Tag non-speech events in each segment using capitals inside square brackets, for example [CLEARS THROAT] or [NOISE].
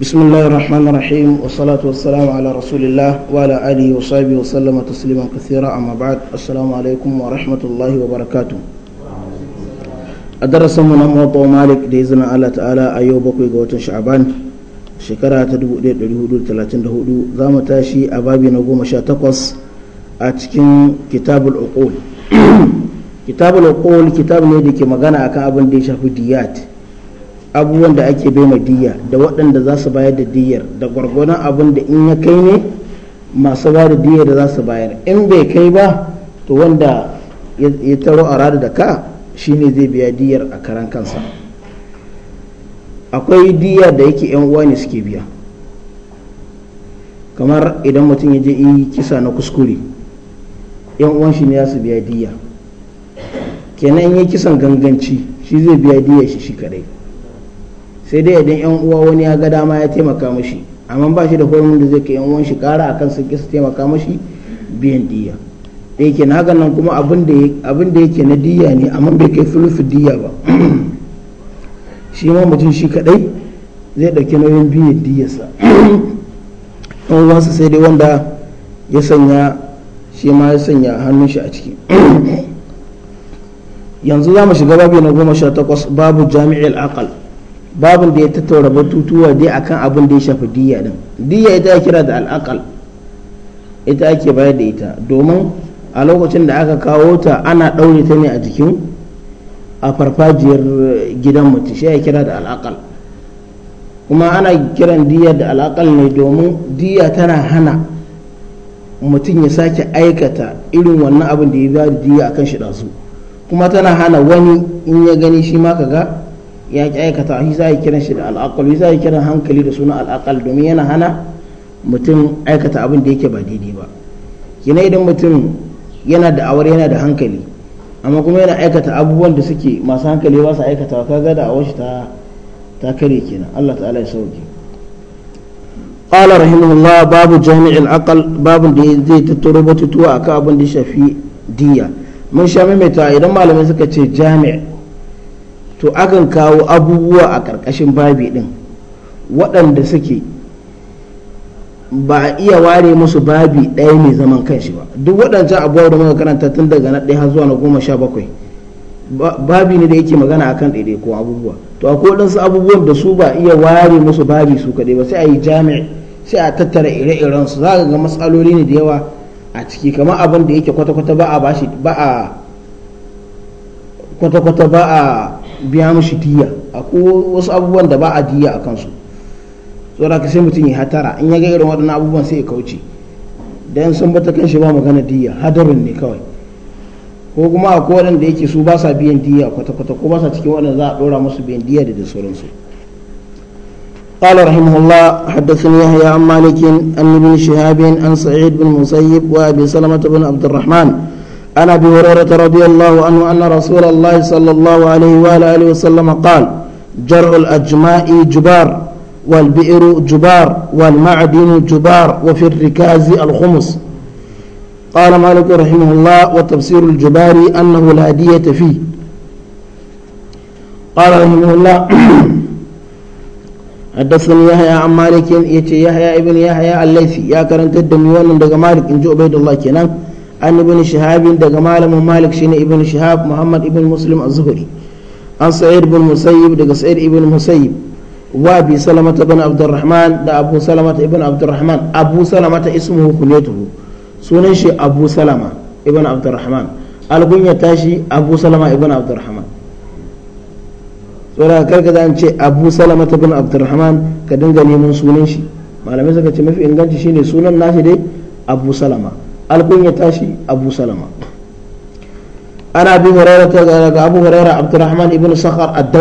بسم الله الرحمن الرحيم والصلاة والسلام على رسول الله وعلى آله وصحبه وسلم تسليما كثيرا أما بعد السلام عليكم ورحمة الله وبركاته أدرس من موطا مالك بإذن الله تعالى أيوب قوة شعبان شكرا تدبو ديت الهدود ثلاثين دهودو زام تاشي أبابي نقوم شاتقص أتكين كتاب العقول كتاب العقول كتاب نيدي كمغانا أكا أبن ديشا هديات abubuwan da ake bai ma diyya da waɗanda za su bayar da diyyar da gwargwadon abin da in ya kai ne masu ba da diyar da za su bayar in bai kai ba to wanda ya taro a rada da ka shine zai biya diyar a karan kansa akwai diya da yake yan uwa ne suke biya kamar idan mutum ya je yi kisa na kuskure yan uwan shi ne za su biya diya kenan yi kisan ganganci shi zai biya diyyar shi shi kadai sai dai idan yan uwa wani ya ga dama ya taimaka mashi amma ba shi da hurumin da zai kai yan uwan shi kara akan su kisa su taimaka mashi biyan diya da yake na nan kuma abin da yake na diya ne amma bai kai sulusu diya ba [CLEARS THROAT] shi ma mutum shi kadai zai dauki nauyin biyan diyarsa [CLEARS THROAT] yan uwansa sai dai wanda ya sanya shi ma ya sanya hannun shi a ciki [CLEARS THROAT] yanzu za mu shiga babu na goma sha takwas babu jami'il aqal babin da ya tattaura batutuwa dai akan abin da ya shafi diya din diya ita ya kira da al'akal ita ake bayar da ita domin a lokacin da aka kawo ta ana ɗaure ta ne a jikin a farfajiyar eh, gidan mutum shi ya kira da al'akal kuma ana kiran diya da al'akal ne domin diya tana hana mutum ya sake aikata irin wannan abin da ya ba da diya akan shi ɗazu kuma tana hana wani in ya gani shi ma ka ga ya ki aikata shi za a kiran shi da al'aqal za a kiran hankali da suna al'aƙal domin yana hana mutum aikata abin da yake ba daidai ba kina idan mutum yana da awar yana da hankali amma kuma yana aikata abubuwan da suke masu hankali ba su aikata ga da awar shi ta ta kare kenan Allah ta'ala ya sauke قال رحمه الله باب جامع العقل da zai tattaro batutuwa akan abin da shafi diya mun sha maimaita idan malamai suka ce jami' to akan kawo abubuwa a ƙarƙashin babi ɗin waɗanda suke ba iya ware musu babi ɗaya mai zaman kanshi ba duk waɗancan abubuwa da muka karanta tun daga na ɗaya zuwa na goma sha bakwai babi ne da yake magana akan ko abubuwa to akwai waɗansu abubuwan da su ba iya ware musu babi su kaɗai ba sai a yi jami'i sai a tattara ire-iren su za a ga matsaloli ne da yawa a ciki kamar abin da yake kwata-kwata ba a bashi kwata-kwata ba a biya mashi diya a wasu abubuwan da ba a diya a kansu tsora ka sai mutum ya hatara in ya ga irin waɗannan abubuwan sai ya kauce dan sun bata kan shi ba magana diya hadarin ne kawai ko kuma a kowane da yake su ba sa biyan diya kwata-kwata ko ba sa cikin waɗanda za a ɗora musu biyan diya da sauransu قال رحمه الله حدثني يحيى عن مالك عن ابن شهاب عن سعيد بن مسيب وابي سلمه بن عبد الرحمن عن ابي هريره رضي الله عنه ان رسول الله صلى الله عليه واله وسلم قال جرع الاجماء جبار والبئر جبار والمعدن جبار وفي الركاز الخمس قال مالك رحمه الله وتفسير الجبار انه لا دية فيه قال رحمه الله حدثني يحيى عن مالك يحيى ابن يحيى الليثي يا كرنت الدميون من مالك ان جو عبيد الله كنان an ibn shihab daga malamin malik shine ibn shahab muhammad ibn muslim az-zuhri an sa'id ibn musayyib daga sa'id ibn musayyib wa bi salamata ibn abdurrahman da abu salamata ibn abdurrahman abu salamata ismuhu kunyatuhu sunan shi abu salama ibn abdurrahman algunya tashi abu salama ibn abdurrahman saboda karka da an ce abu salama ta bin abdurrahman ka dinga neman sunan shi malamai suka ce mafi inganci shine sunan nashi dai abu salama ya tashi abu salama ana bi hurairah ta daga abu hurairah abdurrahman ibn sakhar ad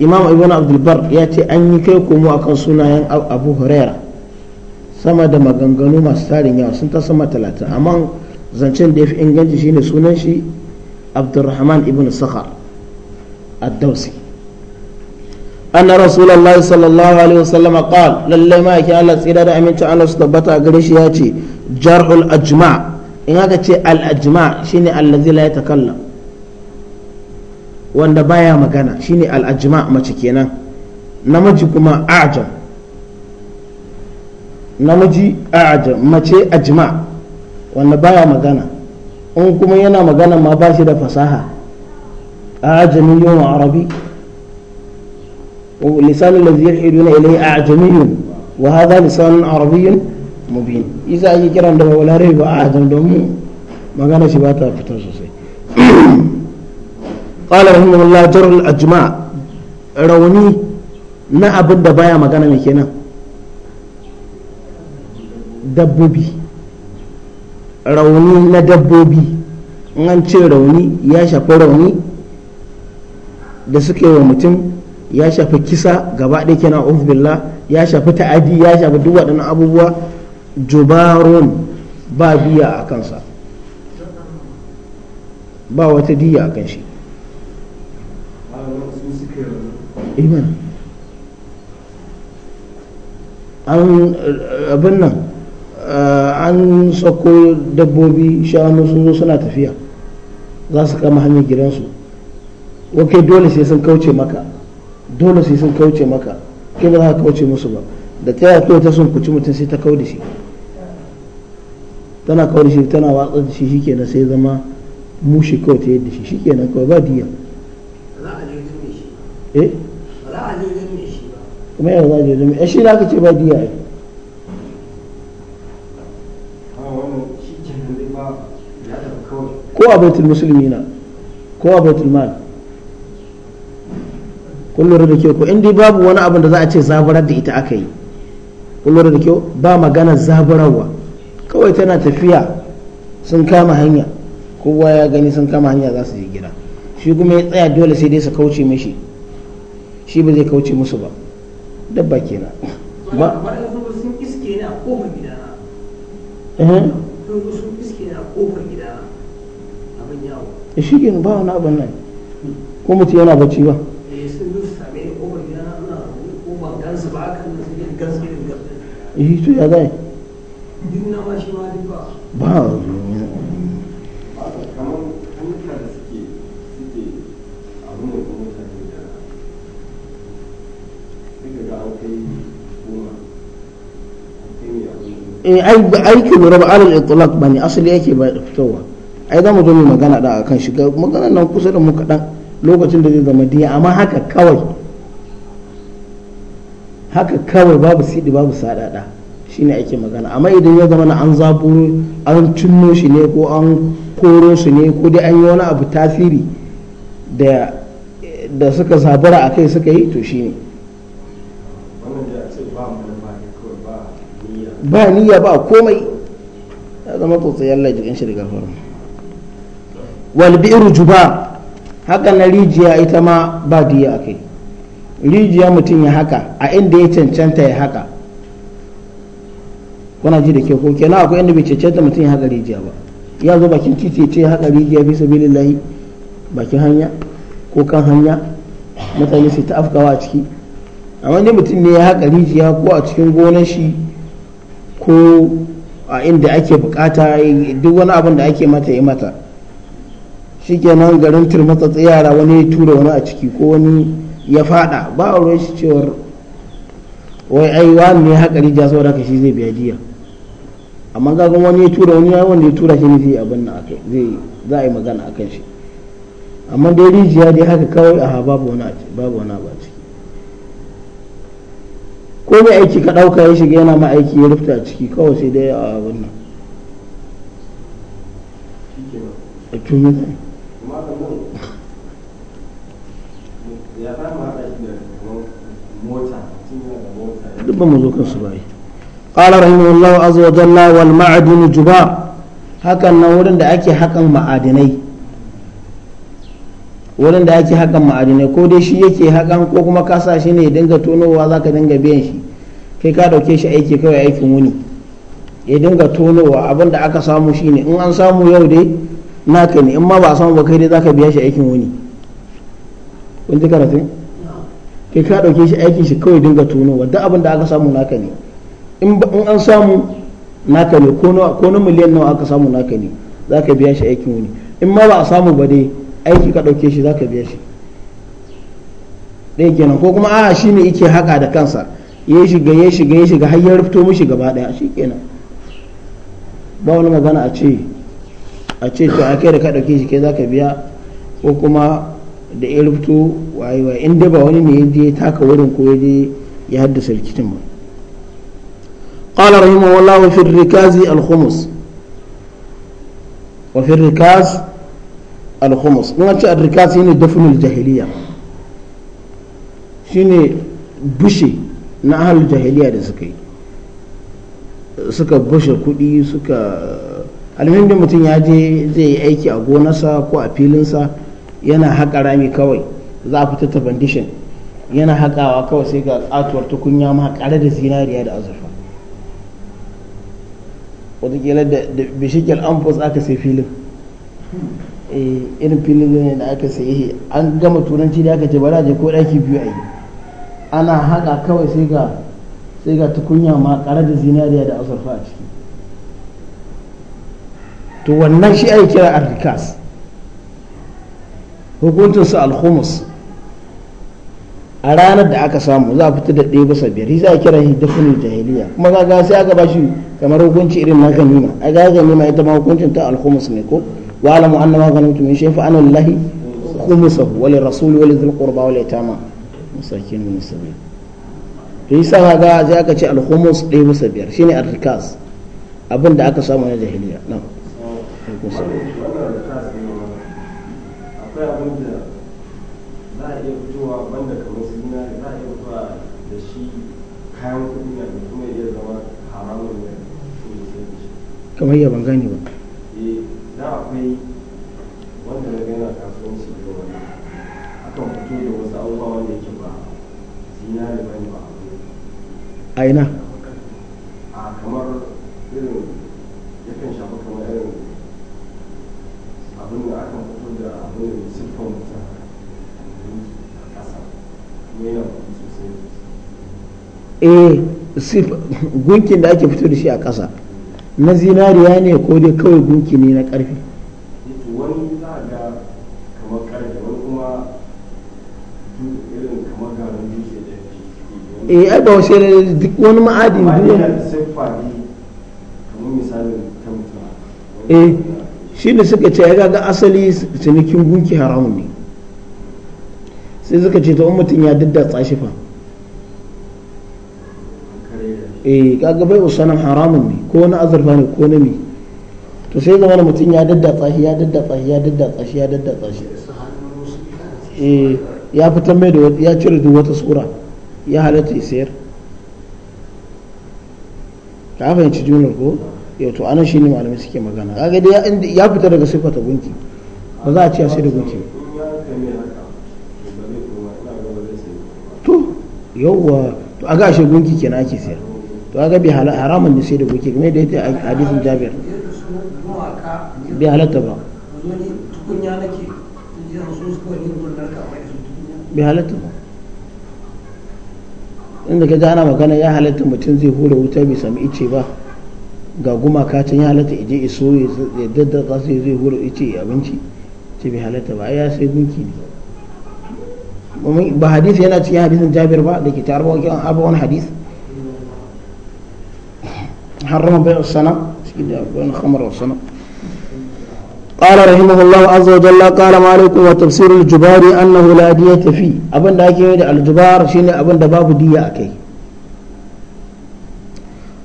imam ibn abdulbar ya ce an yi kai komo akan sunayen abu hurairah sama da maganganu masu tarin yawa sun ta sama talatin amma zancen da ya fi inganci shine sunan shi abdurrahman ibn sakhar ad anna rasulallahi sallallahu alaihi wasallam qal lallai ma yake Allah tsira da aminci Allah su tabbata gare shi ya ce jarhul ajma in aka ce al ajma shine allazi la yatakallam wanda baya magana shine al ajma mace kenan namiji kuma ajam namiji ajam mace ajma wanda baya magana in kuma yana magana ma ba shi da fasaha ajamin yawan arabi ولسان الذي يلحدون إليه أعجمي وهذا لسان عربي مبين إذا أي كرام دم ولا ريب أعجم دم ما كان شباتا فتنسوسي قال رحمه الله جر الأجماع روني na abin da baya magana mai kenan dabbobi rauni na dabbobi in an ce rauni ya shafi rauni da suke wa mutum ya shafi kisa gaba ɗaya kenan a'udhu ya shafi ta'adi ya shafi duk waɗannan abubuwa jubarun ba biya a kansa ba wata diya a kan shi iman an abin nan eh, an tsakko dabbobi shanu sun zo suna tafiya za su kama hanyar gidansu wakai dole sai sun kauce maka dole sai sun kauce maka ke ba za ka kauce musu ba da ta yato ta sun kuci mutum sai ta kau da shi tana kau da shi tana watsa da shi shi kenan sai zama mushi kau ta yadda shi shi kenan kawai ba diya kuma yau za a je eh? ya shi da aka ce ba diya ah, ya ko a baitul musulmi na ko a baitul mal kun da kyau ko in dai babu wani abin da za a ce zaburar da ita aka yi kun da kyau ba magana zaburarwa kawai tana tafiya sun kama hanya kowa ya gani sun kama hanya za su je gida shi kuma ya tsaya dole sai dai su kauce mishi shi ba zai kauce musu ba dabba kenan ba sun iske ne a gidana eh? eh, ba wani abin nan hmm. ko mutum yana bacci ba e to ya zai eh, aiki aikin raba alal itulak ba ne asali yake ba fitowa ai za mu zo mu magana da akan shiga magana nan kusa da mu kaɗan lokacin da zai zama diya amma haka kawai haka kawai babu siɗi babu saɗaɗa shine ake magana amma idan ya zama na an zaburo an cinno shi ne ko an koro shi ne ko dai an yi wani abu tasiri da suka zabura a kai suka yi to ne. ba niyya ba komai ya zama tsotsayar jikin shi daga faru wal bi'ru juba haka na rijiya ita ma ba diya a kai rijiya mutum ya haka a inda ya cancanta ya haka kuna ji da ke ko kenan akwai inda bai cancanta mutum ya haka rijiya ba ya zo bakin titi ce haka rijiya bisa bilillahi bakin hanya ko kan hanya mutane su ta afkawa a ciki amma wani mutum ne ya haka rijiya ko a cikin gonar shi ko a inda ake bukata duk wani abin da ake mata ya mata shikenan garin turmatsa yara wani ya tura wani a ciki ko wani ya fada ba a shi cewar wai ai wani ne haka rija sau da shi zai biya diya amma ga wani ya tura wani ya wanda ya tura shi ne zai abin na akai zai za a yi magana akan shi amma dai rijiya dai haka kawai a babu wani babu wani ba ciki ko mai aiki ka dauka ya shiga yana ma aiki ya rufta a ciki kawai sai dai a abin nan a tuni ba mu zo su bai qala rahimahullahu azza wa jalla wal ma'adun juba hakan nan wurin da ake hakan ma'adinai wurin da ake hakan ma'adinai ko dai shi yake hakan ko kuma ka sa shi ne dinga tonowa zaka dinga biyan shi kai ka dauke shi aiki kawai aikin wuni ya dinga tonowa abin da aka samu shi ne in an samu yau dai naka ne in ma ba a samu ba kai dai zaka biya shi aikin wuni kun ji karatun kai ka dauke shi aikin shi kawai dinga tuno wadda abin da aka samu naka ne in an samu naka ne ko na miliyan nawa aka samu naka ne za ka biya shi aikin wani in ma ba a samu ba dai aiki ka dauke shi za ka biya shi ɗaya kenan ko kuma a shi ne yake haka da kansa ya shiga ya shiga ya shiga har ya rufto mishi gaba ɗaya shi kenan ba wani magana a ce a ce to a kai da ka dauke shi kai za ka biya ko kuma da ya rubuto in dai ba wani ne ya je taka wurin ko ya je ya haddasa rikicin ba qala rahimahullahu fi rikaz al khumus wa fi rikaz al khumus ce al rikaz shine dafnul jahiliya shine bushe na ahlul jahiliya da suka yi suka bushe kuɗi suka alhamdulillah mutum ya je zai yi aiki a gonarsa ko a filinsa yana haƙa rami kawai za a fita ta bandishin yana haƙawa kawai sai ga tsatuwar tukunya ma ƙare da zinariya da azurfa wataƙila da an amfus aka sai filin eh, irin filin ne da aka sai an gama turanci da aka ce bara je ko ɗaki biyu a yi ana haƙa kawai sai ga sai ga tukunya ma ƙare da zinariya da azurfa a ciki to wannan shi ake kira arrikas hukuncinsa alhumus a ranar da aka samu za a fita da ɗaya bisa biyar za a kira shi dafinin jahiliya kuma za ga sai aka bashi kamar hukunci irin na ganima a ga ganima ita ma hukuncin ta alhumus ne ko wa alamu anna ma ganimtu min shay'in fa anna lillahi khumsahu wa lirrasuli wa lidhil qurba wa litama masakin min sabil to yasa ka ga sai aka ce alhumus ɗaya bisa biyar shine arrikas abin da aka samu na jahiliya na'am akwai abin za a iya fitowa banda kamar zinari za a iya da shi kayan na zama haramun da su ba eh wanda na gana kasuwanci fito da wasu abubuwa a ina a kamar irin yakan shafi kamar irin abin da da a eh, gunkin da ake fito da shi a ƙasa na zinariya ne ko dai kawai gunki ne na ƙarfi eh, wani za da eh, ai ba wasu yana duk wani ma'adin duniya kamar misalin eh shi ne suka ce ya ga asali cinikin gunki haramun ne sai suka ce ta mutum ya daddatsa tsashi fa eh kaga bai usanan haramun ne ko na azurfa ne ko na mi to sai zama da mutum ya daddatsa tsashi ya daddatsa tsashi ya daddatsa tsashi ya daddatsa tsashi eh ya fitar mai da ya cire duk wata sura ya halatta isayar ta fahimci junar ko yau eh, ana shi ne malamai suke magana kaga dai ya fita daga sifata gunki ba za a ciya sai da gunki to yawwa to a ashe gunki kenan ake siya to aga bi haramun ne sai da gunki kuma da yake hadisin Jabir bi halatta ba bi halatta ba inda ka ji ana magana ya halatta mutum zai hura wuta bai sami ice ba ga gumaka can ya halatta ije iso ya daddaka sai zai wuri ice abinci ce bai halatta ba ya sai gunki ne ba hadisi yana cikin hadisin jabir ba da ke ta arba wakilan arba wani hadis harama bai sana cikin da wani hamar sana قال رحمه الله عز وجل قال مالك وتفسير الجبار انه لا دية فيه ابن داكي ake da aljubar shine abin da babu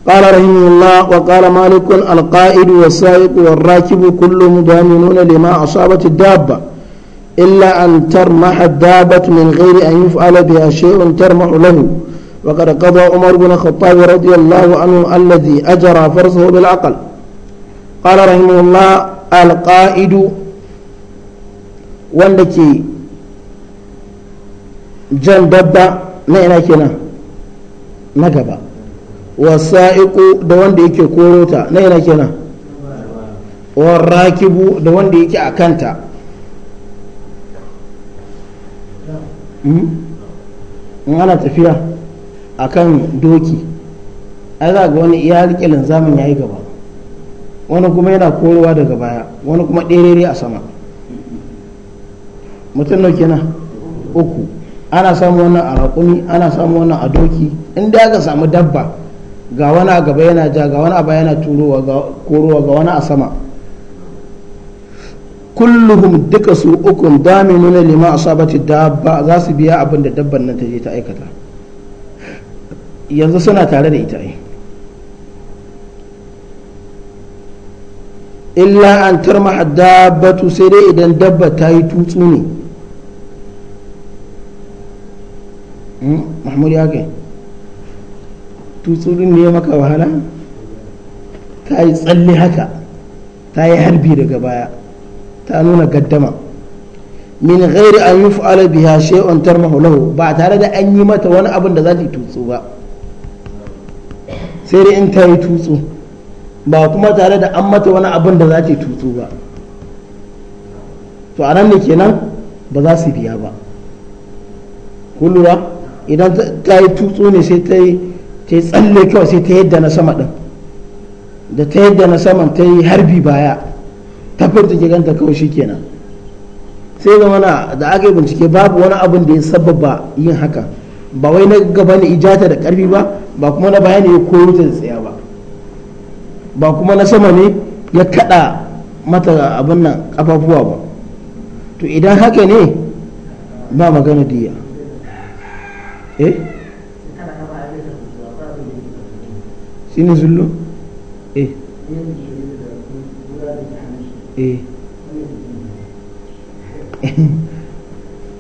قال رحمه الله وقال مالك القائد والسائق والراكب كلهم ضامنون لما أصابت الدابة إلا أن ترمح الدابة من غير أن يفعل بها شيء ترمح له وقد قضى عمر بن الخطاب رضي الله عنه الذي أجرى فرسه بالعقل قال رحمه الله القائد والتي jan dabba na ina kenan na gaba wasa'iku da wanda yake korota na yana kenan warakibu da wanda yake a kanta hmm? in ana tafiya a kan doki ai za ga wani ya rikilin zamun ya yi gaba wani kuma yana korowa daga baya wani kuma ɗerere a sama mutum na kenan uku ana samu wannan a raƙumi ana samu wannan a doki inda ga samu dabba ga wani a gaba yana ja ga wani a baya yana turowa ga korowa ga wani a sama kulluhum duka su ukun daminuna liman asabati dabba za su biya abin da dabban nan ta je ta aikata yanzu suna tare da ita illa an tarma dabbatu sai dai idan dabba ta yi tutsu ne hmm? mahmud ya kai tutsurin ne maka wahala ta yi tsalle haka ta yi harbi daga baya ta nuna gaddama min ghairi an yi fa'ala biya shay'un tarmahu ba tare da an yi mata wani abin da za ta tutsu ba sai dai in ta yi tutsu ba kuma tare da an mata wani abin da za ta tutsu ba to a nan ne kenan ba za su biya ba kullura idan ta yi tutsu ne sai ta yi ta yi tsalle kawai sai ta yadda na sama ɗin da ta yadda na saman ta yi harbi baya ta furta ganta kawai shi kenan sai zama na da aka yi bincike babu wani abin da ya sababa yin haka ba wai na gaba ne ijata da karfi ba ba kuma na baya ne ya koyo ta tsaya ba ba kuma na sama ne ya kada mata abin nan kafafuwa ba to idan haka ne ba magana diya eh Eh. Eh. [LAUGHS]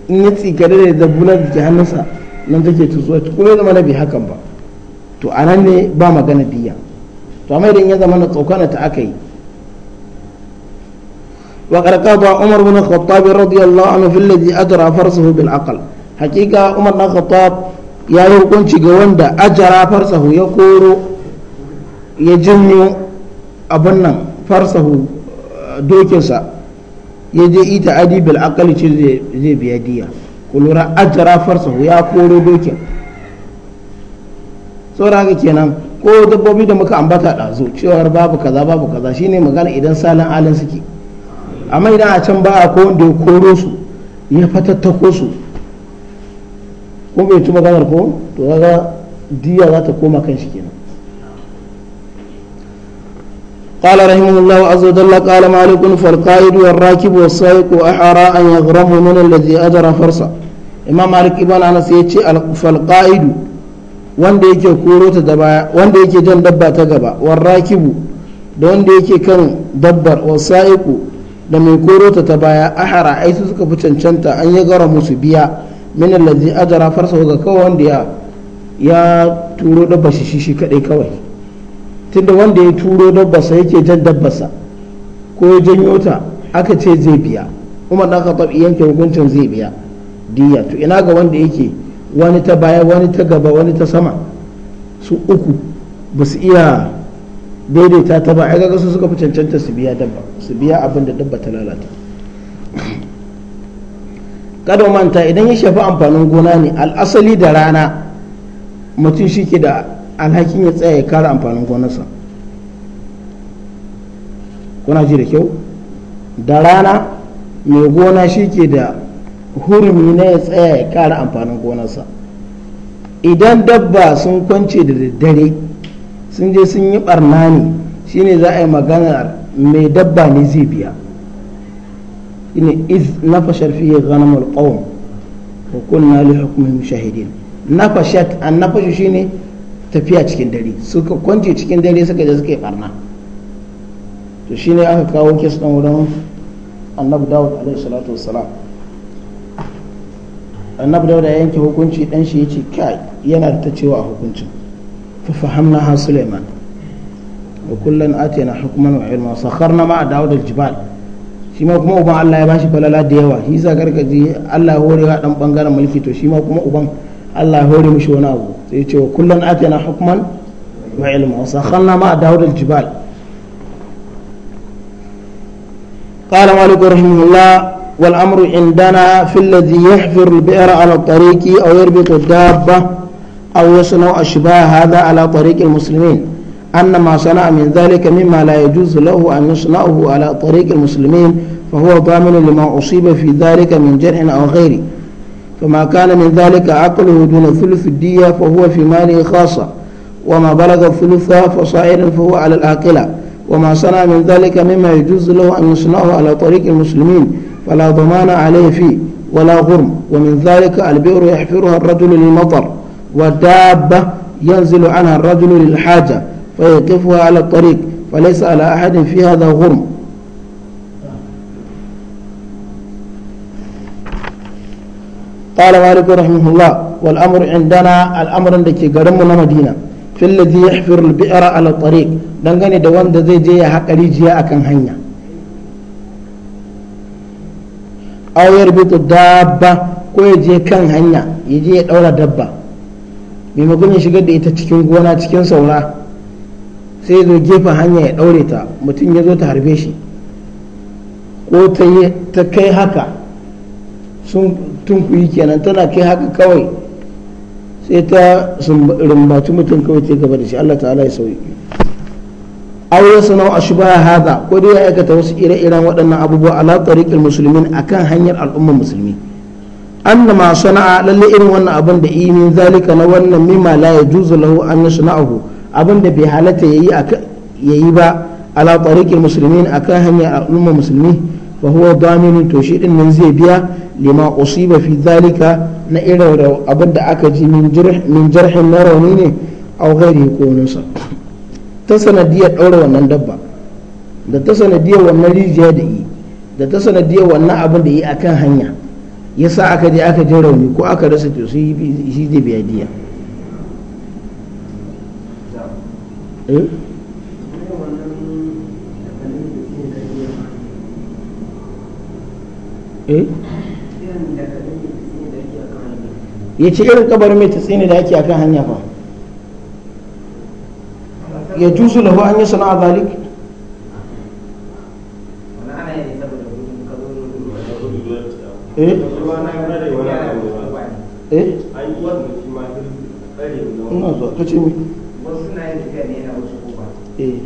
in ya tsikare da zabbuna da jihannasa nan take tutsuwa kuma ya zama na bi hakan ba to a nan ne ba magana biya to amma idan ya zama na tsokana ta aka yi wa karkata umar bin khattab radiyallahu anhu fil ladhi adra farsahu bil aql haqiqa umar bin khattab ya yi hukunci ga wanda ajara farsahu ya koro ya jinyo abin nan farsahu eh, dokinsa ya je ita adi bil akali ce zai biya diya kulura ajara farsahu ya koro dokin saboda haka kenan ko dabbobi da muka ambata ɗazu cewar babu kaza babu kaza shine magana idan salin alin suke amma idan a can ba a ko wanda ya koro su ya fatattako ko bai ci maganar ko to kaga diya za ta koma kan shi kenan قال رحمه الله عز وجل قال مالك فالقائد والراكب والسائق أحرى أن يغرمه من الذي أجر فرسا إمام مالك ابن أنس يتشي فالقائد wanda yake koro ta da baya wanda yake jan dabba ta gaba warrakibu da wanda yake kan dabbar wasa'iku da mai koro ta baya ahara ai su suka fi cancanta an yi gara musu biya min allazi ajara farsa ga kawai wanda ya ya turo dabba shi kadai kawai tunda wanda ya turo dabbasa yake jan dabbasa ko ya janyo ta aka ce zai biya umar na khattab yanke hukuncin zai biya diya to ina ga wanda yake wani ta baya wani ta gaba wani ta sama su uku ba su iya daidaita ta ba ai ga su suka fi cancanta su biya dabba su biya abin da dabba ta lalata kada manta idan ya shafi amfanin gona ne al'asali da rana mutum shi da alhakin ya tsaya ya kare amfanin gonarsa kuna ji da kyau da rana mai gona shi ke da hurumi na ya tsaya ya kare amfanin gonarsa idan dabba sun kwance da daddare sun je sun yi barna ne shine za a yi maganar mai dabba ne zai biya ina iz fashar fiye ganamul qawm wa kunna shahidin nafashat an shi ne. tafiya cikin dare suka kwance cikin dare suka je suka yi farna to shine aka kawo kes ɗin wurin annabi dawud alaihi salatu wassalam annabi dawud ya yanke hukunci dan shi yace kai yana da ta cewa a hukuncin fa fahamna ha suleiman wa kullan atina hukman wa ilma sakharna ma dawud aljibal shi ma kuma uban Allah ya bashi falala da yawa shi sa gargaji Allah ya hore wa dan bangaren mulki to shi ma kuma uban Allah ya hore mishi wani abu sai ce أتينا حكما وعلما وسخرنا ما داود الجبال قال مالك رحمه الله والأمر عندنا في الذي يحفر البئر على الطريق أو يربط الدابة أو يصنع أشباه هذا على طريق المسلمين أن ما صنع من ذلك مما لا يجوز له أن يصنعه على طريق المسلمين فهو ضامن لما أصيب في ذلك من جرح أو غيره فما كان من ذلك عقله دون ثلث الدية فهو في ماله خاصة وما بلغ ثلثها فصائر فهو على العاقلة وما صنع من ذلك مما يجوز له أن يصنعه على طريق المسلمين فلا ضمان عليه فيه ولا غرم ومن ذلك البئر يحفرها الرجل للمطر ودابة ينزل عنها الرجل للحاجة فيقفها على الطريق فليس على أحد في هذا غرم قال مالك رحمه الله والأمر عندنا الأمر الذي قرمنا مدينة في الذي يحفر البئر على الطريق دنغني دوان دا زي جي حق ريجيا أكن هنيا أو يربط الدابة ko ya je kan hanya ya je ya ɗaura dabba maimakon ya shiga da ita cikin gona cikin saura sai zo gefen hanya ya daure ta mutum ya zo ta harbe shi ko ta kai haka sun yi kenan tana kai haka kawai sai ta rumbaci mutum kawai ta gaba da shi Allah ta'ala ya sauyi aure ya sanau a shubaha hada ko dai ya aikata wasu ire-iren waɗannan abubuwa ala tariqil a kan hanyar al'ummar musulmi anna ma sana'a lalle irin wannan abin da min zalika na wannan mimma la yajuzu lahu an yasna'ahu abin da bai halatta ya yi ba ala tariqil a akan hanyar al'ummar musulmi fa huwa damin to din nan zai biya lima usiba fi zalika na irin abin da aka ji min min na rauni ne aw ghairi ko ta sanadiyar wannan dabba da ta sanadiyar wannan rijiya da yi da ta sanadiyar wannan abin da yi akan hanya sa aka je aka ji rauni ko aka rasa to yi zai biya diya eh? Eh? ya ce irin kabarin mai tsini da ake a kan hanya ba ya jusu lahu an yi sana'a zalik Eh? eh?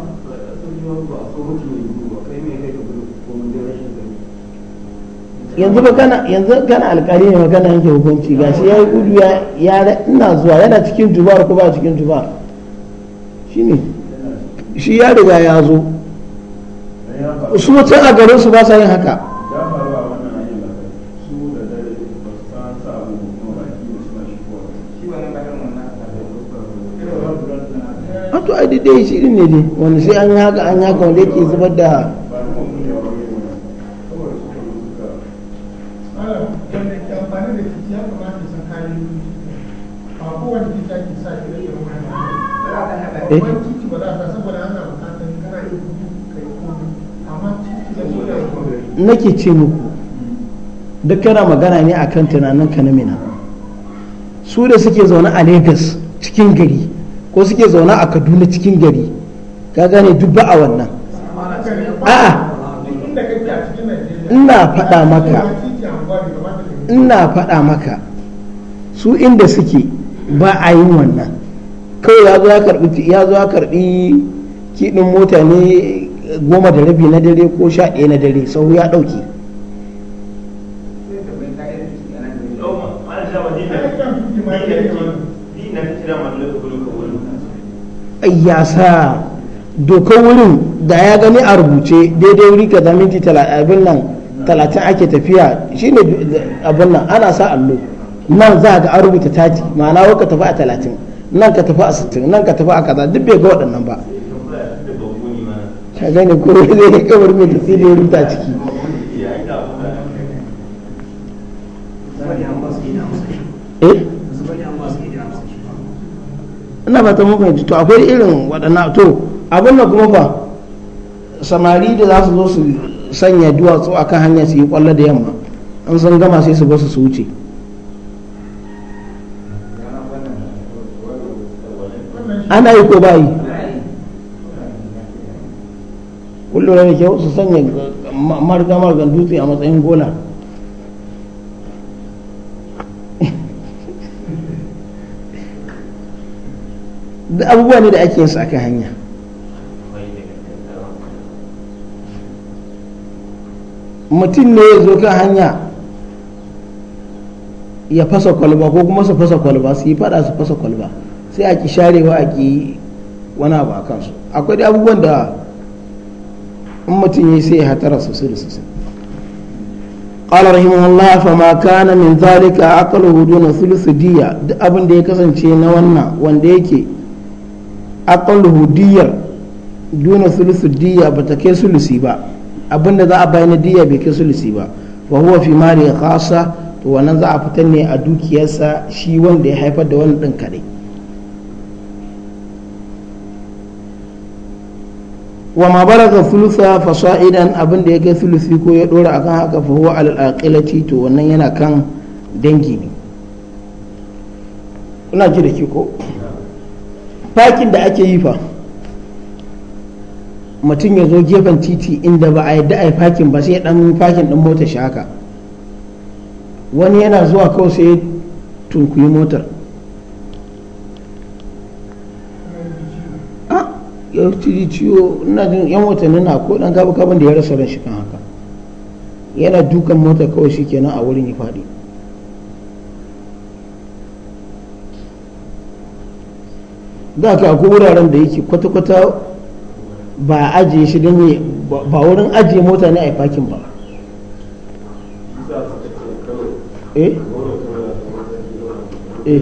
yanzu kana yanzu kana alƙali ne magana yanke hukunci gashi yayi gudu ya ya ina zuwa yana cikin jubar ko ba cikin jubar shine shi ya riga ya zo su mutum a garin su ba sa yin haka a to ai dai shi ne dai wani sai an haka an haka wanda yake zubar da Eh? nake ce muku duk kana magana ne a kan tunanin ka na mina su da suke zaune a Legas cikin gari ko suke zaune a Kaduna cikin gari ka gane duk ba a wannan a'a ina faɗa maka ina faɗa maka su inda suke ba a yin wannan kawai ya zo ya karbi ya zo ya karbi kidin mota ne eh, goma da rabi na dare ko sha ɗaya na dare sau ya ɗauki ya sa dokar wurin da ya gani a rubuce daidai wuri ka za minti abin nan talatin ake tafiya shine eh, abin nan ana sa allo nan za ga an rubuta tati ma'ana waka tafi a talatin nan ka tafi a sittin nan ka tafi a kaza duk bai ga waɗannan ba ka ne ko [LAUGHS] zai kamar mai da ya ruta ciki eh? ina ba ta mafi to akwai irin waɗannan to abin da kuma ba samari da za su zo su sanya duwatsu a kan hanyar su yi kwallo da yamma an sun gama sai su ba su wuce ana yi ko ba yi kullum da kyau su sanya marga margan dutse a matsayin gona da abubuwa ne da ake yin saka hanya mutum ne ya zo kan hanya ya fasa kwalba ko kuma su fasa kwalba su yi fada su fasa kwalba sai a ki sharewa a ki wani abu a kansu akwai da abubuwan da in mutum yi sai ya hatara sosai da sosai قال رحمه الله فما كان من ذلك عقله دون ثلث دية abin da ya kasance na wannan wanda yake aqluhu diyar duna thuluth diya bata kai sulusi ba abinda za a bayyana diya bai kai sulusi ba wa huwa fi mali to wannan za a fitar ne a dukiyarsa shi wanda ya haifar da wani din kaɗai. wa ma baraka sulusa fasa'idan abin da ya kai sulusi ko ya dora akan haka fa huwa al aqilati to wannan yana kan dangi ne kuna ji da ke ko fakin da ake yi fa mutum ya zo gefen titi inda ba a yadda a yi fakin ba sai dan fakin din motar shi haka wani yana zuwa kawai sai tunkuyi motar ya ci ciwo ina jin yan watanni na ko dan gaba gaban da ya rasa ran shi kan haka yana dukan mota kawai shi kenan a wurin ya faɗi da ka akwai wuraren da yake kwata-kwata ba a ajiye shi don ba wurin ajiye mota ne a yi fakin ba eh eh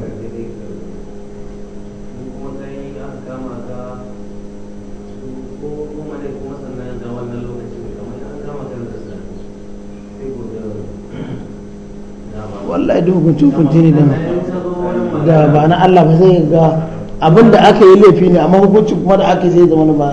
Allah ya hukunci hukunci ne da ba na Allah ba zai ga abin da aka yi laifi ne amma hukunci kuma da aka zai zama ba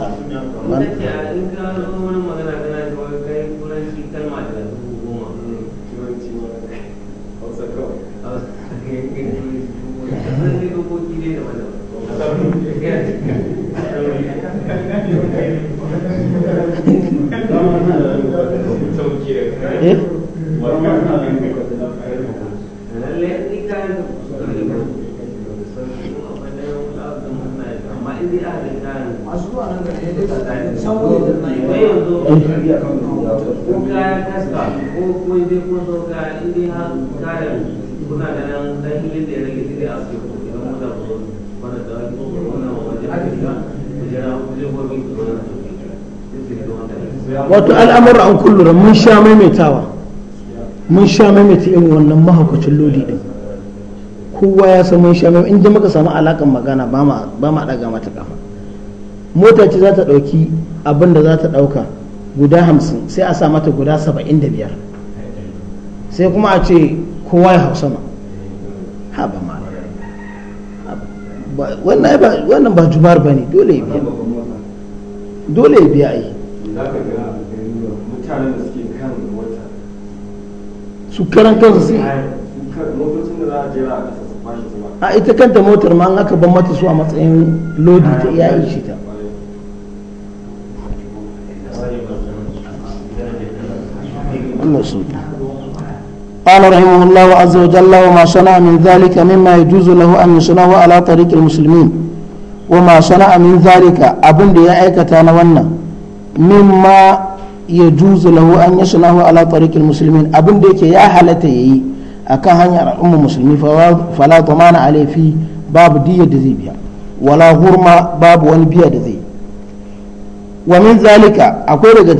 wato al'amura an kullura mun sha maimaitawa mun sha maimaita irin wannan mahaukacin lodi din kowa ya san mun sha maimaita in ji muka samu alakan magana ba ma daga mata mota ce za ta ɗauki abin da za ta ɗauka guda hamsin sai a sa mata guda saba'in da biyar sai kuma a ce kowa ya hausa ma haɓa ma wannan ba jumar ba ne dole ya biya dole ya biya yi su karan kansu sai a ita kanta motar ma an aka ban mata su a matsayin lodi ta ah, iya yi shi ta الموصول قال رحمه الله عز وجل وما صنع من ذلك مما يجوز له أن يصنعه على طريق المسلمين وما صنع من ذلك أبن دي أيكتان ونا مما يجوز له أن يصنعه على طريق المسلمين أبن دي يا حالتي أكان هنيا أم المسلمين فلا ضمان عليه في باب دي دزيبيا ولا غرمة باب ونبيا دزي wa min zalika akwai daga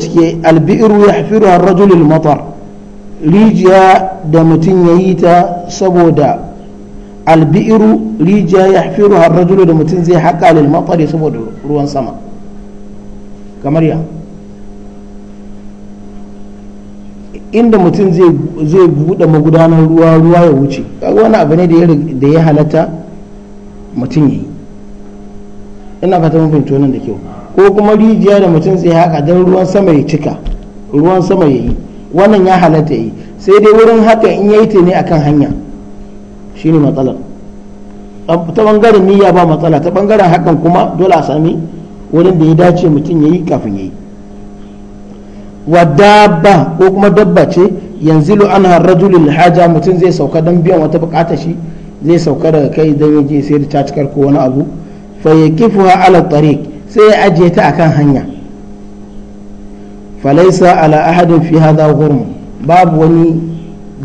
albi'ru yahfiru ar-rajulu al-matar rijiya da mutum yayi ta saboda albi'ru rijiya yahfiru ar-rajulu da mutum zai haƙa lil-matar saboda ruwan sama kamar ya inda mutum zai buɗe magudanar ruwa ruwa ya wuce wani abu ne da ya halatta mutum yi ina fata mun fahimci nan da kyau ko kuma rijiya da mutum zai haka don ruwan sama ya cika ruwan sama ya yi wannan ya halatta yi sai dai wurin haka in yayi ta ne akan hanya shine matsalar ta bangaren niyya ba matsala ta bangaren hakan kuma dole a sami wurin da ya dace mutum ya yi kafin ya yi wa dabba ko kuma dabba ce yanzu lu an harrajulul haja mutum zai sauka don biyan wata bukata shi zai sauka daga kai don je sai da cacikar ko wani abu fayyakifu yakifuha ala tariq sai ya ajiye ta kan hanya falaisa ala ahadin fi hada gurmu babu wani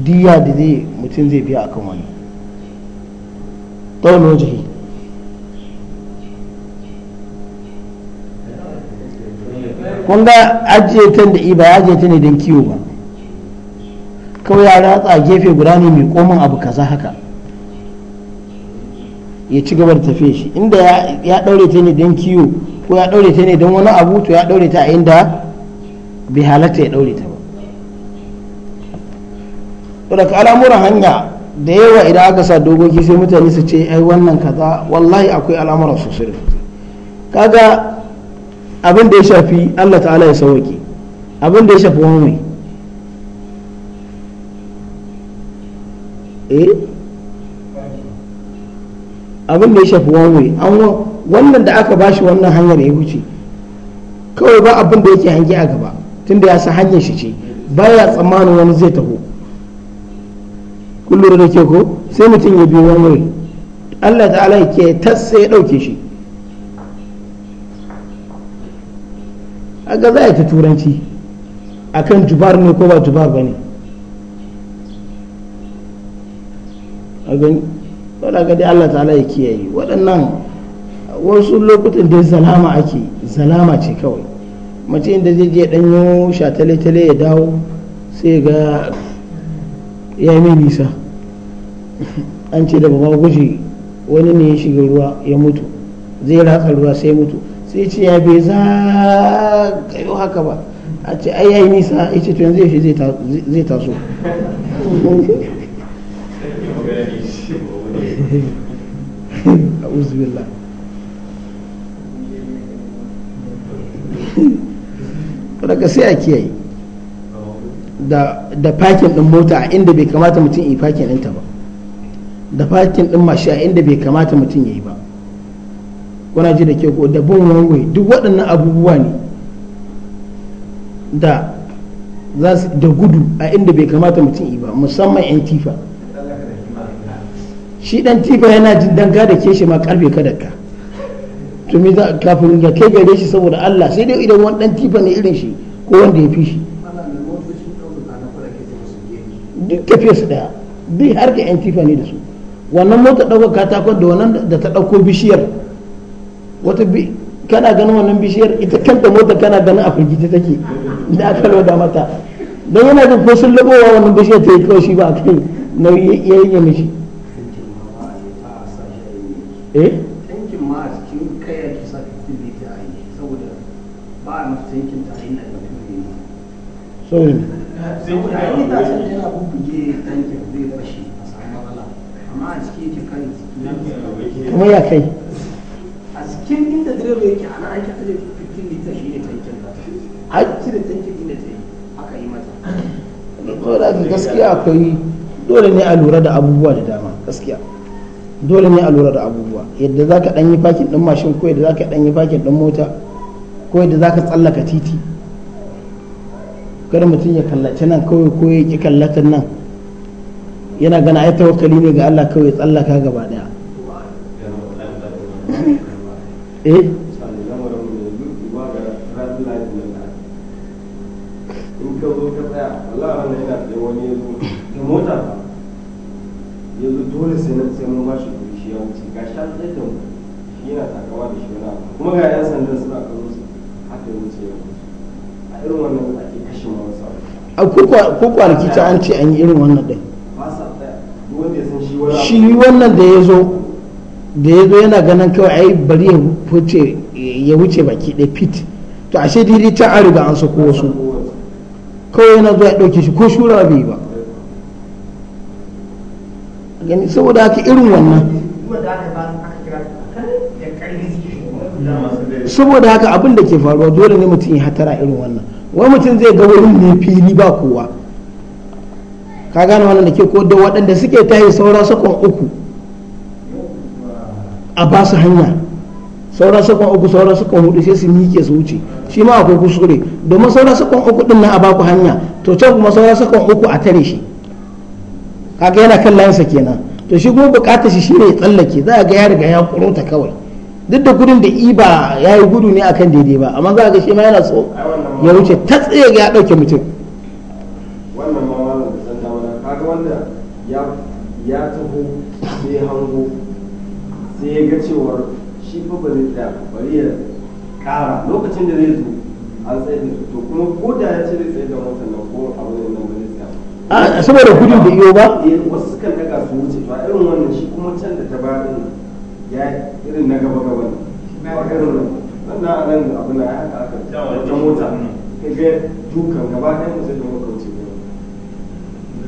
diya da zai mutum zai biya akan wani tsawon wajihi kun ga ajiye ta da iba ya ajiye ta ne don kiwo ba kawai ya ratsa a gefe guda ne mai komin abu kaza haka ya ci gaba da tafiye shi inda ya ɗaure ta ne don kiwo ko ya ɗaure ta ne don wani abu to ya ɗaure ta a inda bai halatta ya ɗaure ta ba daga al'amuran hanya da yawa idan aka sa dogoki sai mutane su ce ai wannan kaza wallahi akwai al'amuran su da kaga abin da ya shafi Allah ta'ala ya sauke abin da ya shafi wani eh abin da ya shafi wani an wannan da aka ba shi wannan hanyar ya wuce kawai ba abin da yake hangi a gaba tunda ya san hanyar shi ce baya tsammanin wani zai taho kullum da ke ko sai mutum ya biyo wani wuri Allah ta'ala ke sai ya ɗauke shi aga za a ta turanci akan jubar ne ko ba jubar ba ne a gani wadda ga dai Allah ta'ala ya kiyaye waɗannan wasu lokutan da zalama ake zalama ce kawai mace inda zai je danyo shatale-tale ya dawo sai ga ya yi nisa an ce da ba guji wani ne ya shiga ruwa ya mutu zai ratsa ruwa sai mutu sai ce ya bai za yi haka ba a ce ai yi nisa ya ce tuyan zai shi zai taso أعوذ [LAUGHS] daga sai a kiyaye da fakin din mota a inda bai kamata mutum yi fakin ɗinta ba da fakin din mashi a inda bai kamata mutum ya yi ba kuna ji da ke ko da bin wangwai duk waɗannan abubuwa ne da za su da gudu a inda bai kamata mutum yi ba musamman 'yan tifa shi ɗan tifa yana jin danga da ke shi ma karfe kadaka tumi za za kafin ya kai gare shi saboda Allah sai dai idan wani dan tifa ne irin shi ko wanda ya fi shi duk fiye su daya duk har ka yan tifa ne da su wannan mota ɗaukar katakon da wannan da ta ɗauko bishiyar wata bi kana ganin wannan bishiyar ita kanta mota kana ganin a firgita take da aka da mata don yana da fosin labowa wannan bishiyar ta yi kawai shi ba a kai nauyi ya yi mishi eh saboda me kuma ya kai a cikin inda direba yake ana aiki da fitin lita shi ne tankin da a cire tankin inda ta yi aka yi mata dole da gaskiya akwai dole ne a lura da abubuwa da dama gaskiya dole ne a lura da abubuwa yadda za ka ɗanyi fakin ɗin mashin ko yadda za ka ɗanyi fakin ɗin mota ko yadda za ka tsallaka titi kar mutum ya kallace nan kawai ko ya ki kallatan nan yana gana ai tawakkali ne ga Allah kawai tsallaka gaba daya eh 'yan sandan suna ko kwanaki ta an ce an yi irin wannan ɗin shi wannan da ya zo da ya zo yana ganin kawai ai bari ya wuce baki ɗaya fit to ashe yi ta an riga an sako wasu kawai yana zuwa ya ɗauke shi ko shura bai yi ba gani saboda haka irin wannan saboda haka abin da ke faruwa dole ne mutum ya hatara irin wannan wai mutum zai ga wurin ne fili ba kowa ka gane wannan da ke ko da waɗanda suke yi saura sakon uku a ba su hanya saura sakon uku saura sakon hudu sai su miƙe su wuce shi ma akwai kuskure domin saura sakon uku din nan a baku hanya to can kuma saura sakon uku a tare shi kaga yana kan layinsa kenan to shi kuma bukatar shi shine ya tsallake za a ga ya riga ya kurota kawai duk da gudun da iba ya yi gudu ne akan daidai ba amma za a ga shi ma yana so ya wuce ta tsaye ya ɗauke mutum wannan ma malam da san damana kaga wanda ya ya taho sai hango sai ya ga cewar shi fa ba zai tsaya bari ya ƙara lokacin da zai zo an tsaye da to kuma ko da ya ce zai tsaye da wata nan ko a wani nan ba zai tsaya saboda gudun da iyo ba eh, wasu kan daga su wuce to a irin wannan shi kuma can da ta ba ya irin na gaba gaba ne irin wannan anan abin da haka aka wata mota ga dukan gaba ɗaya mutum da makauci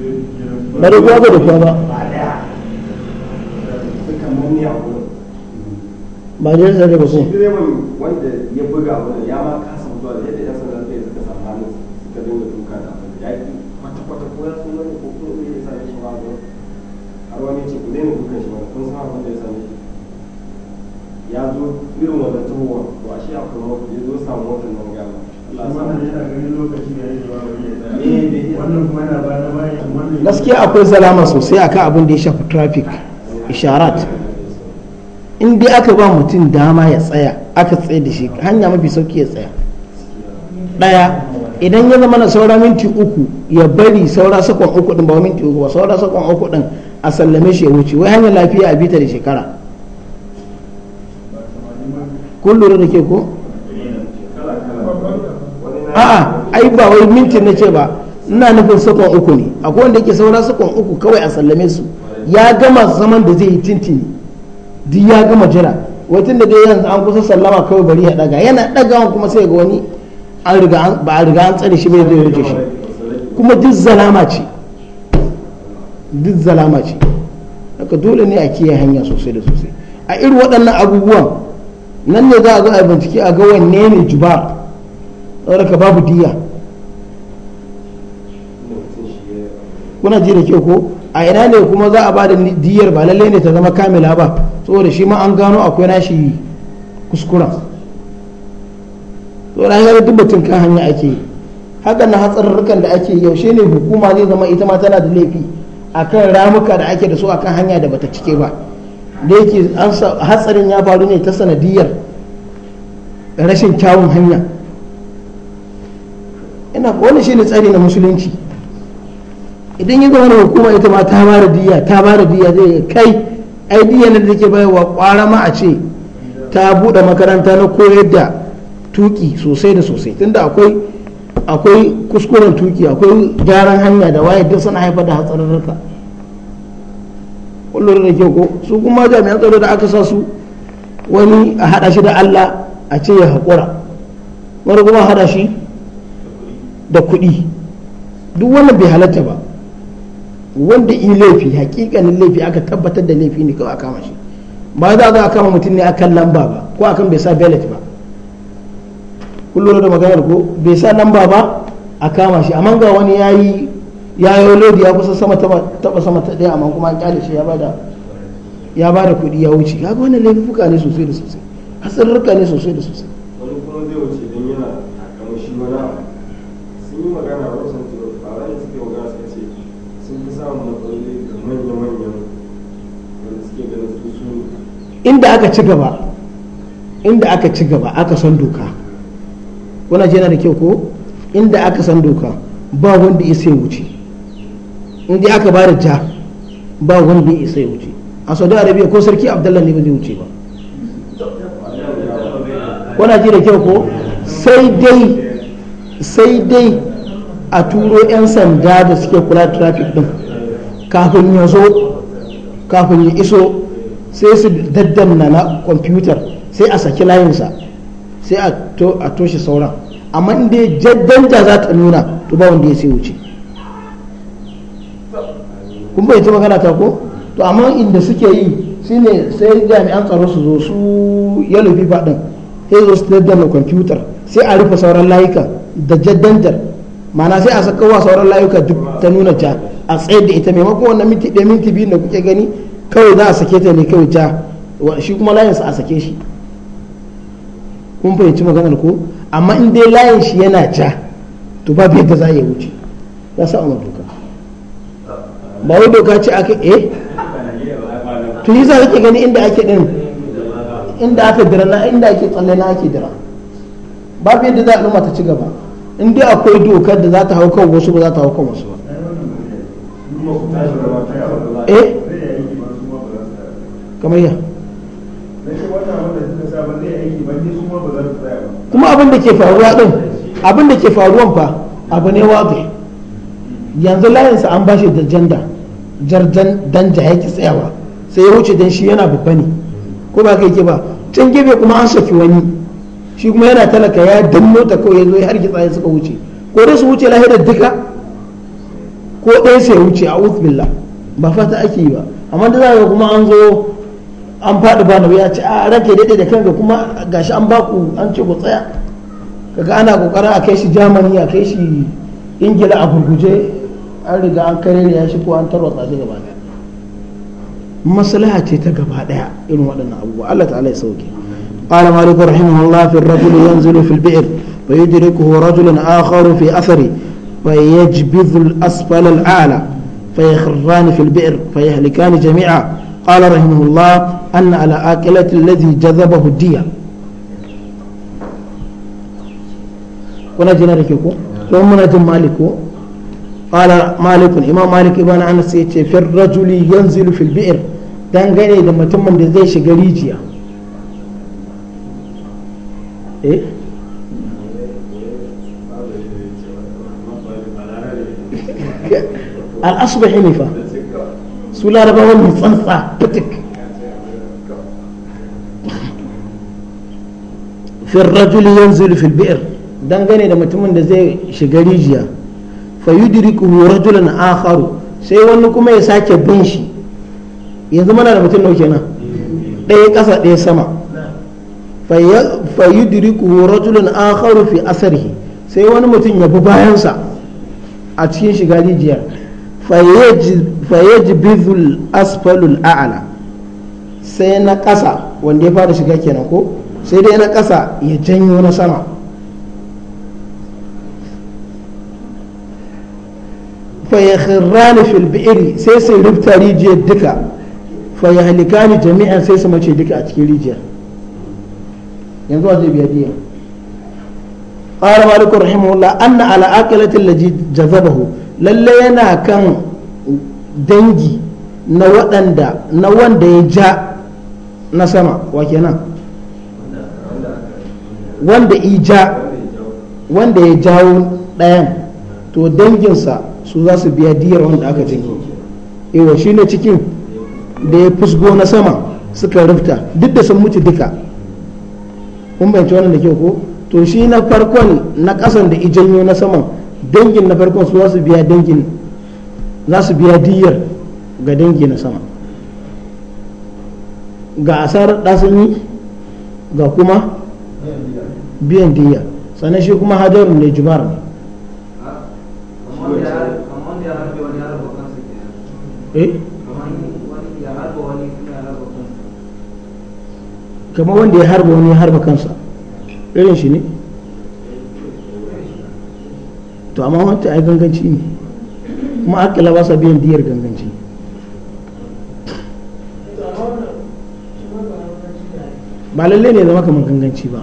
ne ba da kuwa da kuwa ba dukan mummi ya. ba da yadda da ba shi direban wanda ya buga wurin ya ma kasa mutuwa da yadda ya ya zo irin wannan tuhuwa to a shi a kuma ya zo samu waɗannan gama gaskiya akwai salama sosai akan abin da ya shafi traffic isharat in dai aka ba mutum dama ya tsaya aka tsaye da shi hanya mafi sauki ya tsaya Daya idan ya zama na saura minti uku ya bari saura sakon uku din ba minti uku ba saura sakon uku din a sallame shi ya wuce wai hanyar lafiya a bita da shekara kullum da ke ko a'a ai ba wai mintin na ce ba ina nufin sakon uku ne akwai wanda yake saura sakon uku kawai a sallame su ya gama zaman da zai yi tintini duk ya gama jira watan da dai yanzu an kusa sallama kawai bari ya daga yana daga kuma sai ga wani ba a riga an tsare shi bai zai shi kuma duk zalama ce duk zalama ce haka dole ne a kiyaye hanya sosai da sosai a irin waɗannan abubuwan nan ne za a zo a bincike a ga wanne ne jubar ka babu diya kuna ji da ke ko a ina ne kuma za a ba da diyar ba lallai ne ta zama kamila ba saboda shi ma an gano akwai nashi kuskura to da hanyar dubbatin kan hanya ake yi hakan na hatsarurrukan da ake yaushe ne hukuma zai zama ita ma tana da laifi akan ramuka da ake da su akan hanya da bata cike ba da yake hatsarin ya faru ne ta sanadiyar rashin kyawun hanya ina wani shi ne tsari na musulunci idan yi zama hukuma ita ma ta mara diya ta mara diya zai kai ai diya da take baiwa kwara ma a ce ta buɗe makaranta na koyar da tuki sosai da sosai tunda akwai akwai kuskuren tuki akwai gyaran hanya da waye duk suna haifar da hatsarin hatsarurruka kullum da ke ko su kuma jami'an tsaro da aka sa su wani a hada shi da Allah a ce ya haƙura wani kuma hada shi da kuɗi duk wannan bai halatta ba wanda yi laifi hakikanin laifi aka tabbatar da laifi ne kawai a kama shi ba za a kama mutum ne akan lamba ba ko akan bai sa belet ba kullum da maganar ko bai sa lamba ba a kama shi amma ga wani ya yi ya yi lodi ya kusa sama taba sama ta ɗaya amma kuma an kyale shi ya ba da kuɗi ya wuce ya ga wannan laifuka ne sosai da sosai hasarurruka ne sosai da sosai wani kuma zai wuce don yana kamshi wani abu sun yi magana wani sun turo ba za su ke magana suka ce sun fi samun matsaloli da manya manya wanda suke ganin su su inda aka ci gaba inda aka ci gaba aka san doka wannan yana da kyau ko inda aka san doka ba wanda ya sai wuce in dai aka bada ja ba wanda ya isa ya wuce a saudi arabia ko sarki abdullah ne ba zai wuce ba wana ji da kyau ko sai dai sai dai a turo 'yan sanda da suke kula traffic din kafin ya zo kafin ya iso sai su daddanna na kwamfutar sai a saki layinsa sai a toshe sauran amma inda jaddanta za ta nuna to ba wanda ya sai wuce kun bai ta magana ta ko to amma inda suke yi ne sai jami'an tsaro su zo su yalo fifa din sai zo su daddana kwamfutar sai a rufe sauran layuka da jaddantar ma'ana sai a saka wa sauran layuka duk ta nuna ja a tsayar da ita maimakon wannan minti ɗaya minti biyu da kuke gani kawai za a sake ta ne kawai ja shi kuma layinsa a sake shi kun fahimci maganar ko amma in dai layin shi yana ja to babu yadda za a yi wuce za sa amadu ba wai doka ce aka eh to yi za kake gani inda ake din inda aka dira na inda ake tsalle na ake dira babu yadda za a al'umma ci gaba in dai akwai dokar da za ta hau kan wasu ba za ta hau kan wasu ba eh kamar ya kuma abin da ke faruwa din abin da ke faruwan fa abu ne wazi yanzu layinsa an bashi da janda jarjan danja yake tsayawa sai ya wuce dan shi yana babba ne ko ba kai ke ba can gefe kuma an saki wani shi kuma yana talaka ya dan mota kawai ya zo ya harki tsaye suka wuce ko dai su wuce lahirar duka ko dai sai wuce a billah ba fata ake yi ba amma da za kuma an zo an faɗi ba nabi ah, ya ce a rake daidai da kanka kuma gashi an baku an ce ku tsaya kaga ana kokarin a kai shi jamani a kai shi ingila a gurguje riga an kare ya shi ko an tarwatsa shi gaba daya maslaha ce ta gaba daya irin waɗannan abubuwa Allah ta'ala ya sauke قال مالك رحمه الله في الرجل ينزل في البئر فيدركه رجل آخر في أثره فيجبذ الأسفل الأعلى فيخران في البئر فيهلكان جميعا قال رحمه الله أن على آكلة الذي جذبه الدية kuna jina da ke ko muna jin qala malikun imam malik ibn anas ya ce fir zai shiga rijiya eh al-asbahi ne fa su larabawa ne tsantsa fitik fir rajuli yanzilu fil bi'r dangane da mutumin da zai shiga rijiya fa yudrikuhu akharu sai wani kuma ya sake bin shi yanzu mana da mutum nauke nan ɗaya ƙasa ɗaya sama fa yudrikuhu akharu fi asarihi sai wani mutum ya bi bayansa a cikin shiga rijiyar fa asfalul a'la sai na ƙasa wanda ya fara shiga kenan ko sai dai na ƙasa ya janyo na sama fa ya fil bi'ri sai sai rubta rijiyar duka fa ya jami'an sai su mace duka a cikin rijiyar yanzu a zai biya diya qala malikur rahimahullah anna ala aqilati allati jazabahu lalle yana kan dangi na waɗanda na wanda ya ja na sama wa kenan wanda ija wanda ya jawo ɗayan to danginsa su za su biya diyar wanda aka cinye ewa shi ne cikin da ya fusgo na sama suka rufta duk da sun mutu duka kun bayanci wannan da kyau ko to shi na farkon na kasan da ijanyo na saman dangin na farkon su za su biya dangin za su biya diyar ga dangi na sama ga asarar ɗasanyi ga kuma biyan diyar sannan shi kuma hajarun ne jubar ne Eh? kamar wanda ya harba wani ya harba kansa irin shi ne to amma wata ai ganganci ne kuma akila ba sa biyan diyar ganganci ba lalle ne zama kamar ganganci ba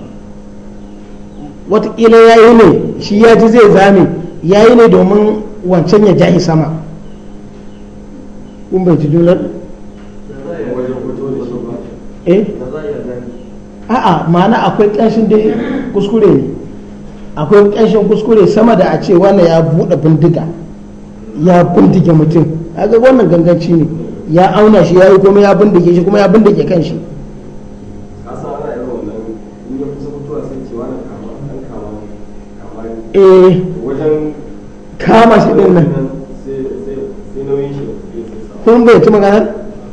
wataƙila ya yi ne shi ya ji zai zame ya yi ne domin wancan ya jahi sama kun bai dunar? eh a'a ma'ana akwai ƙanshin dai kuskure ne akwai ƙanshin kuskure sama da a ce wannan ya buɗe bindiga ya bindige mutum kaga wannan ganganci ne ya auna shi ya yi kuma ya bindige shi kuma ya bindige kan shi eh kama shi din nan kun bai ci magana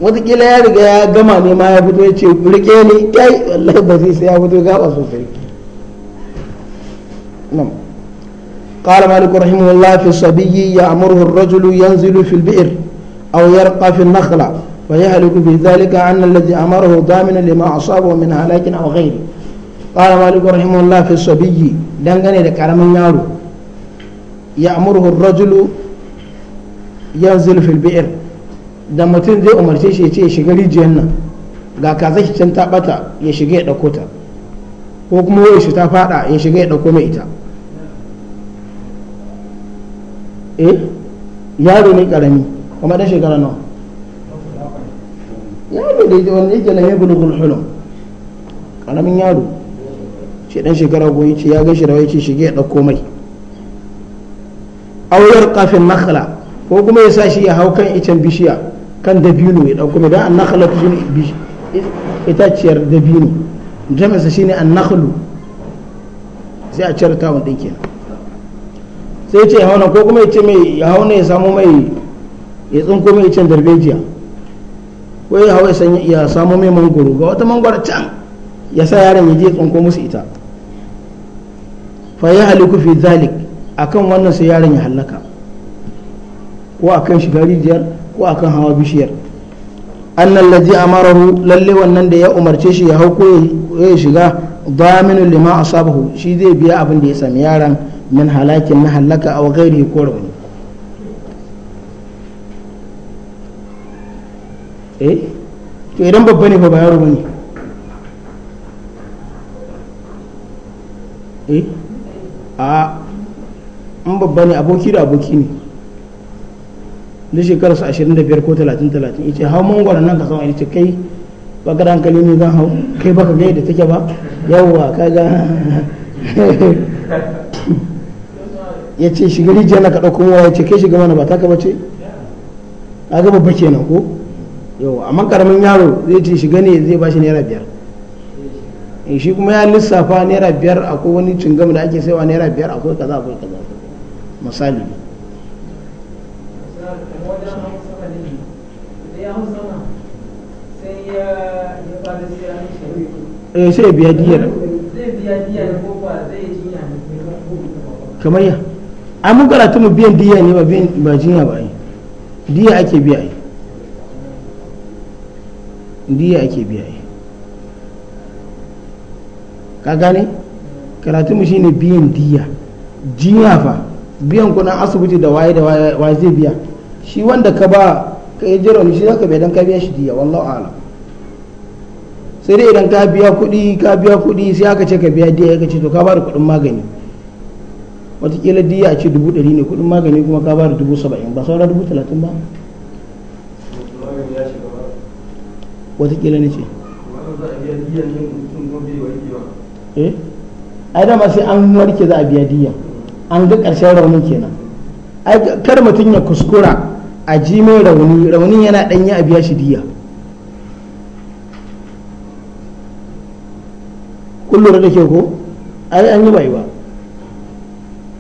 watakila ya riga ya gama ne ma ya fito ya ce rike ne ya wallahi ba sai ya fito gaba sosai nam قال مالك رحمه الله في الصبي يأمره الرجل ينزل في البئر أو يرقى في النخلة ويهلك في ذلك أن الذي أمره ضامنا لما أصابه من هلاك أو غيره قال مالك رحمه الله في الصبي دنغني لكرم يارو يأمره الرجل ينزل في البئر da mutum zai umarce shi ya ce ya shiga rijiyar nan ga kaza shi can ta bata ya shiga ya dauko ta ko kuma wai shi ta fada ya shiga ya dauko mai ita eh yaro ne karami kuma dan shekara nawa yaro da wani yake na bulu hulun karamin yaro ce dan shekara goyi ce ya shi rawai ce shige ya dauko mai auyar kafin nakhla ko kuma ya sa shi ya hau kan icen bishiya kan dabino ya dauko mai da an nakhlatu shine itaciyar dabino jami'sa shine an nakhlu sai a cire tawon din kenan sai ce hauna ko kuma ya ce mai ya hauna ya samu mai ya tsinko mai can darbejiya ko ya hawa ya samu mai mangoro ga wata mangoro can ya sa yaron ya je tsinko musu ita fa ya haliku fi zalik akan wannan sai yaron ya halaka ko akan shiga rijiyar ko akan hawa bishiyar annal a amarahu lalle wannan da ya umarce shi ya hau ko ya shiga daminu lima asabahu shi zai biya abin da ya sami yaran min halakin na halaka a ghairihi ko rauni eh to idan babba ne fa ba yaro bane eh a in babba ne aboki da aboki ne da shekarar su 25 ko 30 30 ce hau mangwaron nan ka sama ce kai baka da hankali ne zan hau kai baka gai da take ba yawwa [LAUGHS] ya ce shiga rijiya na ka dauko mawa ce kai shiga mana ba taka a kaga babba na ko yawwa amma karamin yaro zai ce shiga ne zai bashi naira biyar eh, shi kuma ya lissafa naira biyar akwai wani cingam da ake saiwa naira biyar akwai kaza akwai kaza misali eh sai biya diyar kamar ya an mun karatu mu biyan diya ne ba biyan ba jinya ba yi diya ake biya ai diya ake biya yi ka gane karatu mu shine biyan diya jinya fa biyan kuɗin asibiti da waye da waye zai biya shi wanda ka ba ka yi jira shi zaka bai dan ka biya shi diya wallahu a'lam sai dai idan ka biya kuɗi ka biya kuɗi sai aka ce ka biya diya aka ce to ka bada kuɗin magani watakila diya a ce dubu ɗari ne kuɗin magani kuma ka bada dubu saba'in ba saura dubu talatin ba watakila ne ce eh ai dama sai an warke za a biya diya an ga ƙarshen raunin kenan ai kar mutum ya kuskura a ji mai rauni raunin yana ɗanya a biya shi diya kullum da ko ai an yi baiwa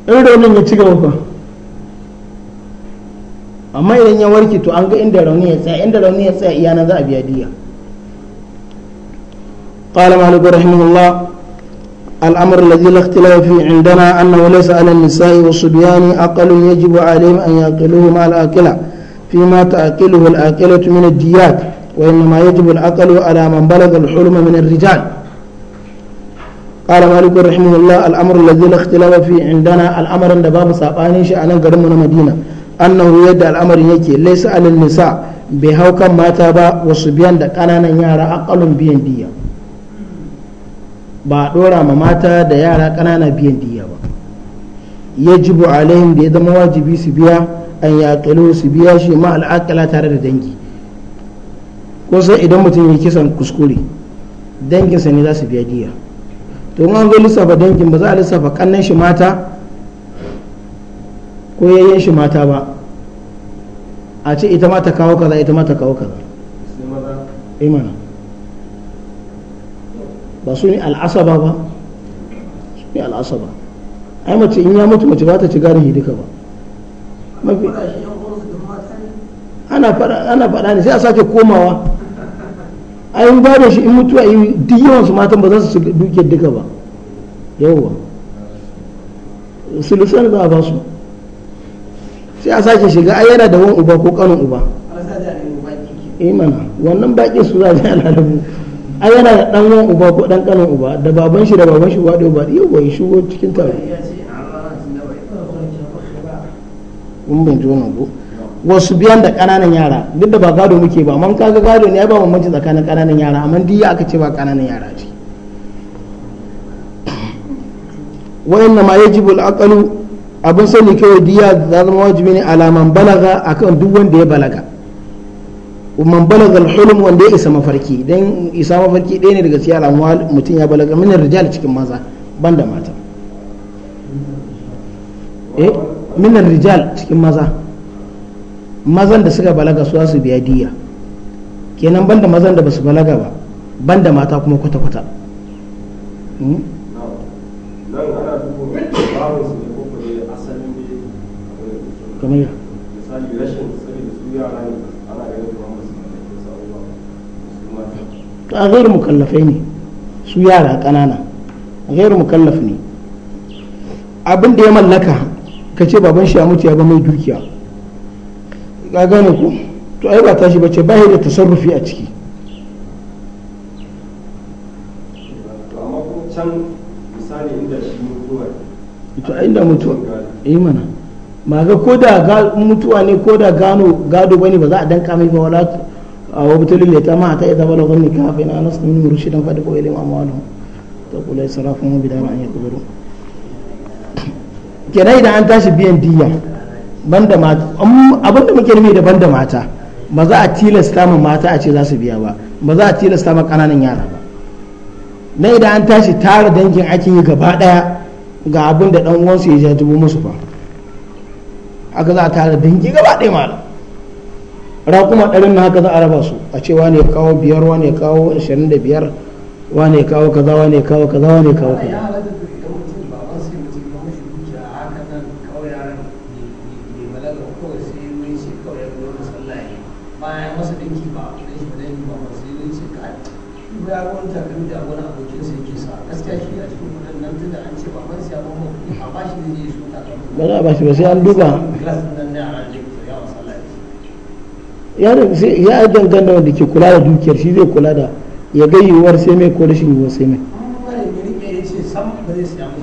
in raunin ya ci gaba amma idan ya warke to an ga inda rauni ya tsaya inda rauni ya tsaya iyana za a biya diya قال مالك رحمه الله الأمر الذي لا اختلاف فيه عندنا أنه ليس على النساء والصبيان أقل يجب عليهم أن يأكلوه مع الآكلة فيما تأكله الآكلة من الديات وإنما يجب العقل على من بلغ الحلم من الرجال قال مالك رحمه الله الأمر الذي لا اختلاف فيه عندنا الأمر أن باب ساباني شأن قرمنا مدينة أنه يد الأمر يكي ليس على النساء بهو كم ماتا با وصبيان دا كانانا يارا أقل بين ديا ba dora ma mata da yara kanana biyan diya ba yajibu alaihim da ya zama wajibi su biya an yaƙilu su biya shi ma al'akala tare da dangi ko sai idan mutum ya kisan kuskure danginsa ne za su biya diya don an zo lissafa dangin ba za a lissafa kannan shi mata ko yayyen shi mata ba a ce ita ma ta kawo kaza ita ma ta kawo kaza imana eh, ba su ne al'asaba ba su ne al'asaba ai mace in ya mutu mace ba ta ci garihi duka ba ana faɗa ne sai a sake komawa a ba da shi in mutuwa yi duk yawan su matan ba za su duke duka ba yawwa sulusan ba a ba su sai a sake shiga ai yana da wani uba ko kanin uba eh, wannan baƙin su za a ji alalabu ai yana da ɗan wani uba ko ɗan kanin uba da baban shi da baban shi waɗe uba yawwa ya shigo cikin taro ji wannan ko wasu biyan da kananan yara duk da ba gado muke ba man kaga gado ne ya ba bambanci tsakanin kananan yara amma diya aka ce ba kananan yara ce wa'anna ma yajibu al-aqlu abin sani kawai diya da zama wajibi ne alaman balaga akan duk wanda ya balaga man balaga al-hulm wanda ya isa mafarki dan isa mafarki ɗaya ne daga cikin alamu mutum ya balaga min rijal cikin maza banda mata eh min rijal cikin maza mazan da suka balaga su su biya diya kenan banda mazan da basu balaga ba banda mata kuma kwata-kwata hmm? a gairu mukallafai ne su yara kanana a gairu mukallaf ne abin da ya mallaka ka ce baban shi a mutu ya ba mai dukiya na gane ku to ai ba tashi bace ba da tasarrufi a ciki to inda mutuwa eh mana ma ga ko da mutuwa ne ko da gano gado bane ba za a danka mai ba wala a wabtul lita ma ta idza balagha ka fa inna nas min murshidan fa dabu ilayhi amwaluhum sarafu mu bidara an yakburu kenai da an tashi biyan diya banda mata abin da muke nufi da banda mata ba za a tilasta ma mata a ce za su biya ba ba za a tilasta ma kananan yara ba na idan an tashi tara dangin ake yi gaba daya ga abin da dan uwansu ya ja dubu musu fa haka za a tara dangi gaba daya ra kuma ɗarin na haka za a raba su a ce wane kawo biyar wane kawo ashirin da biyar wane kawo kaza wane kawo kaza wane kawo kaza لا بس بس يعني دوبا يا يا ادم كان ده دي كولا دي كير شي زي كولا ده يا جاي ور سي مي كولا شي ور سي مي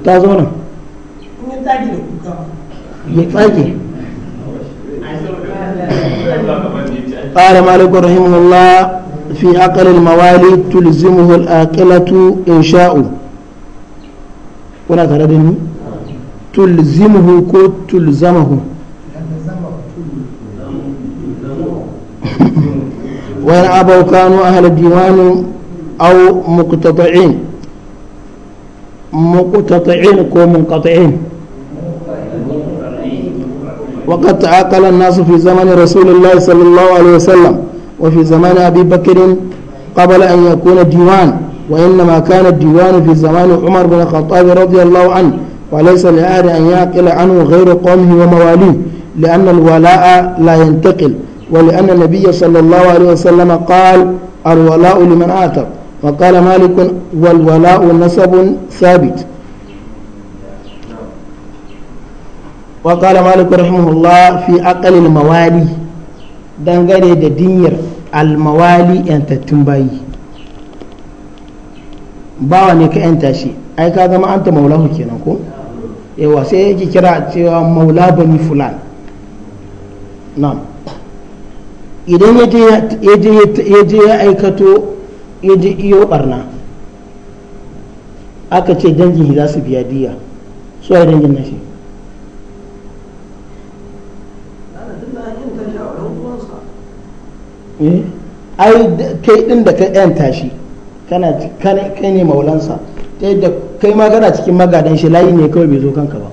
تا زونا ني تاجي لو كوكا يي تاجي قال مالك رحمه الله في أقل الموالد تلزمه الآكلة إن شاء ولا تردني تلزمه كو تلزمه وإن أبوا كانوا أهل ديوان أو مقتطعين مقتطعين كو منقطعين وقد تعاقل الناس في زمن رسول الله صلى الله عليه وسلم وفي زمان أبي بكر قبل أن يكون ديوان وإنما كان الديوان في زمان عمر بن الخطاب رضي الله عنه وليس لأحد أن يعقل عنه غير قومه ومواليه لأن الولاء لا ينتقل ولأن النبي صلى الله عليه وسلم قال الولاء لمن أعتق وقال مالك والولاء نسب ثابت وقال مالك رحمه الله في أقل الموالي دنغري دينير الموالي أنت تنبي باوني كأنت شيء أي كذا ما أنت مولاه كينا yawa sai yake kira cewa maula bani fulan na'am idan ya je ya aikato ya je iyo barna aka ce dangin za su biya diya su a dangin na shi eh? ai kai din da ka yanta shi kana ne maulansa ta yadda kai ma kana cikin magadan shi layi ne kawai bai zo kanka ba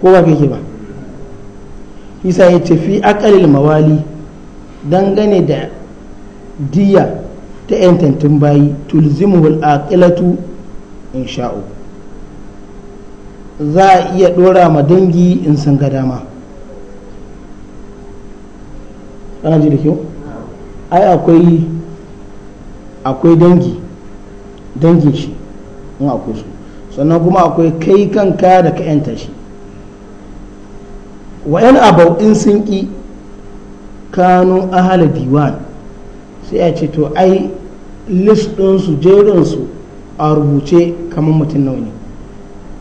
ko ba ke ba isa ya tafi akalil mawali dangane da diya ta 'yan bayi tulzimuhul aqilatu in sha'u za a iya ɗora ma dangi in sun ga dama ana ji da kyau ai akwai akwai dangi dangin shi in akwai su sannan kuma akwai kai kanka da ka yanta shi wa yan abau in sun ƙi kanu ahala diwan sai a ce to ai list ɗinsu jerinsu a rubuce kamar mutum nawa ne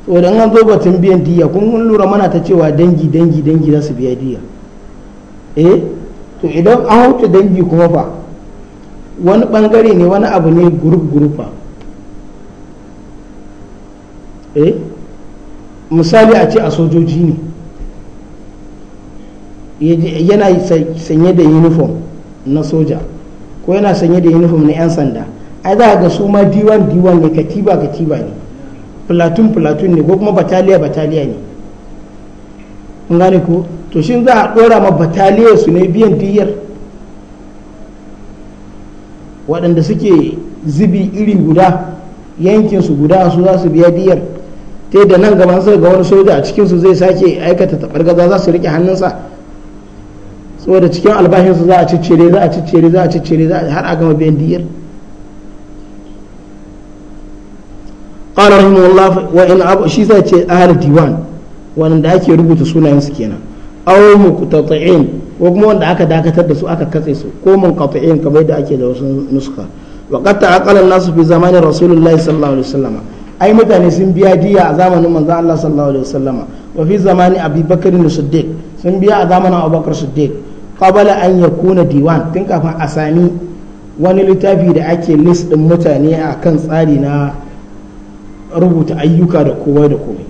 saboda an zo batun biyan diya kun kun lura mana ta cewa dangi dangi dangi za su biya diya eh to idan an hauta dangi kuma fa wani bangare ne wani abu ne gurup gurupa eh misali a ce a sojoji ne yana sanye da uniform na soja ko yana sanye da uniform na 'yan sanda ai za ga su ma diwan diwan ne katiba katiba ne platoon platoon ne ko kuma bataliya bataliya ne kun gane ko to shin za a dora ma bataliya su ne biyan diyar waɗanda suke zubi iri guda yankin su guda su za su biya diyar ta da nan gaban sai ga wani soja a cikinsu zai sake aikata taɓargaza za su rike hannunsa saboda cikin albashinsu za a ciccire za a ciccire za a ciccire har a gama biyan diyar قال رحمه الله وإن أبو diwan wanda الديوان وأن rubuta sunayen su kenan أو مقتطعين ko kuma wanda aka dakatar da su aka katse su ko mun kafa'in kamar da ake da wasu nuska wa qatta aqala nasu fi zamanin rasulullahi sallallahu alaihi wasallam ai mutane sun biya diya a zamanin manzo Allah sallallahu alaihi wasallam wa fi zamani Abi Bakr siddiq sun biya a zamanin abubakar siddiq qabla an yakuna diwan tun kafin a sami wani littafi da ake list din mutane a kan tsari na rubuta ayyuka da kowa da komai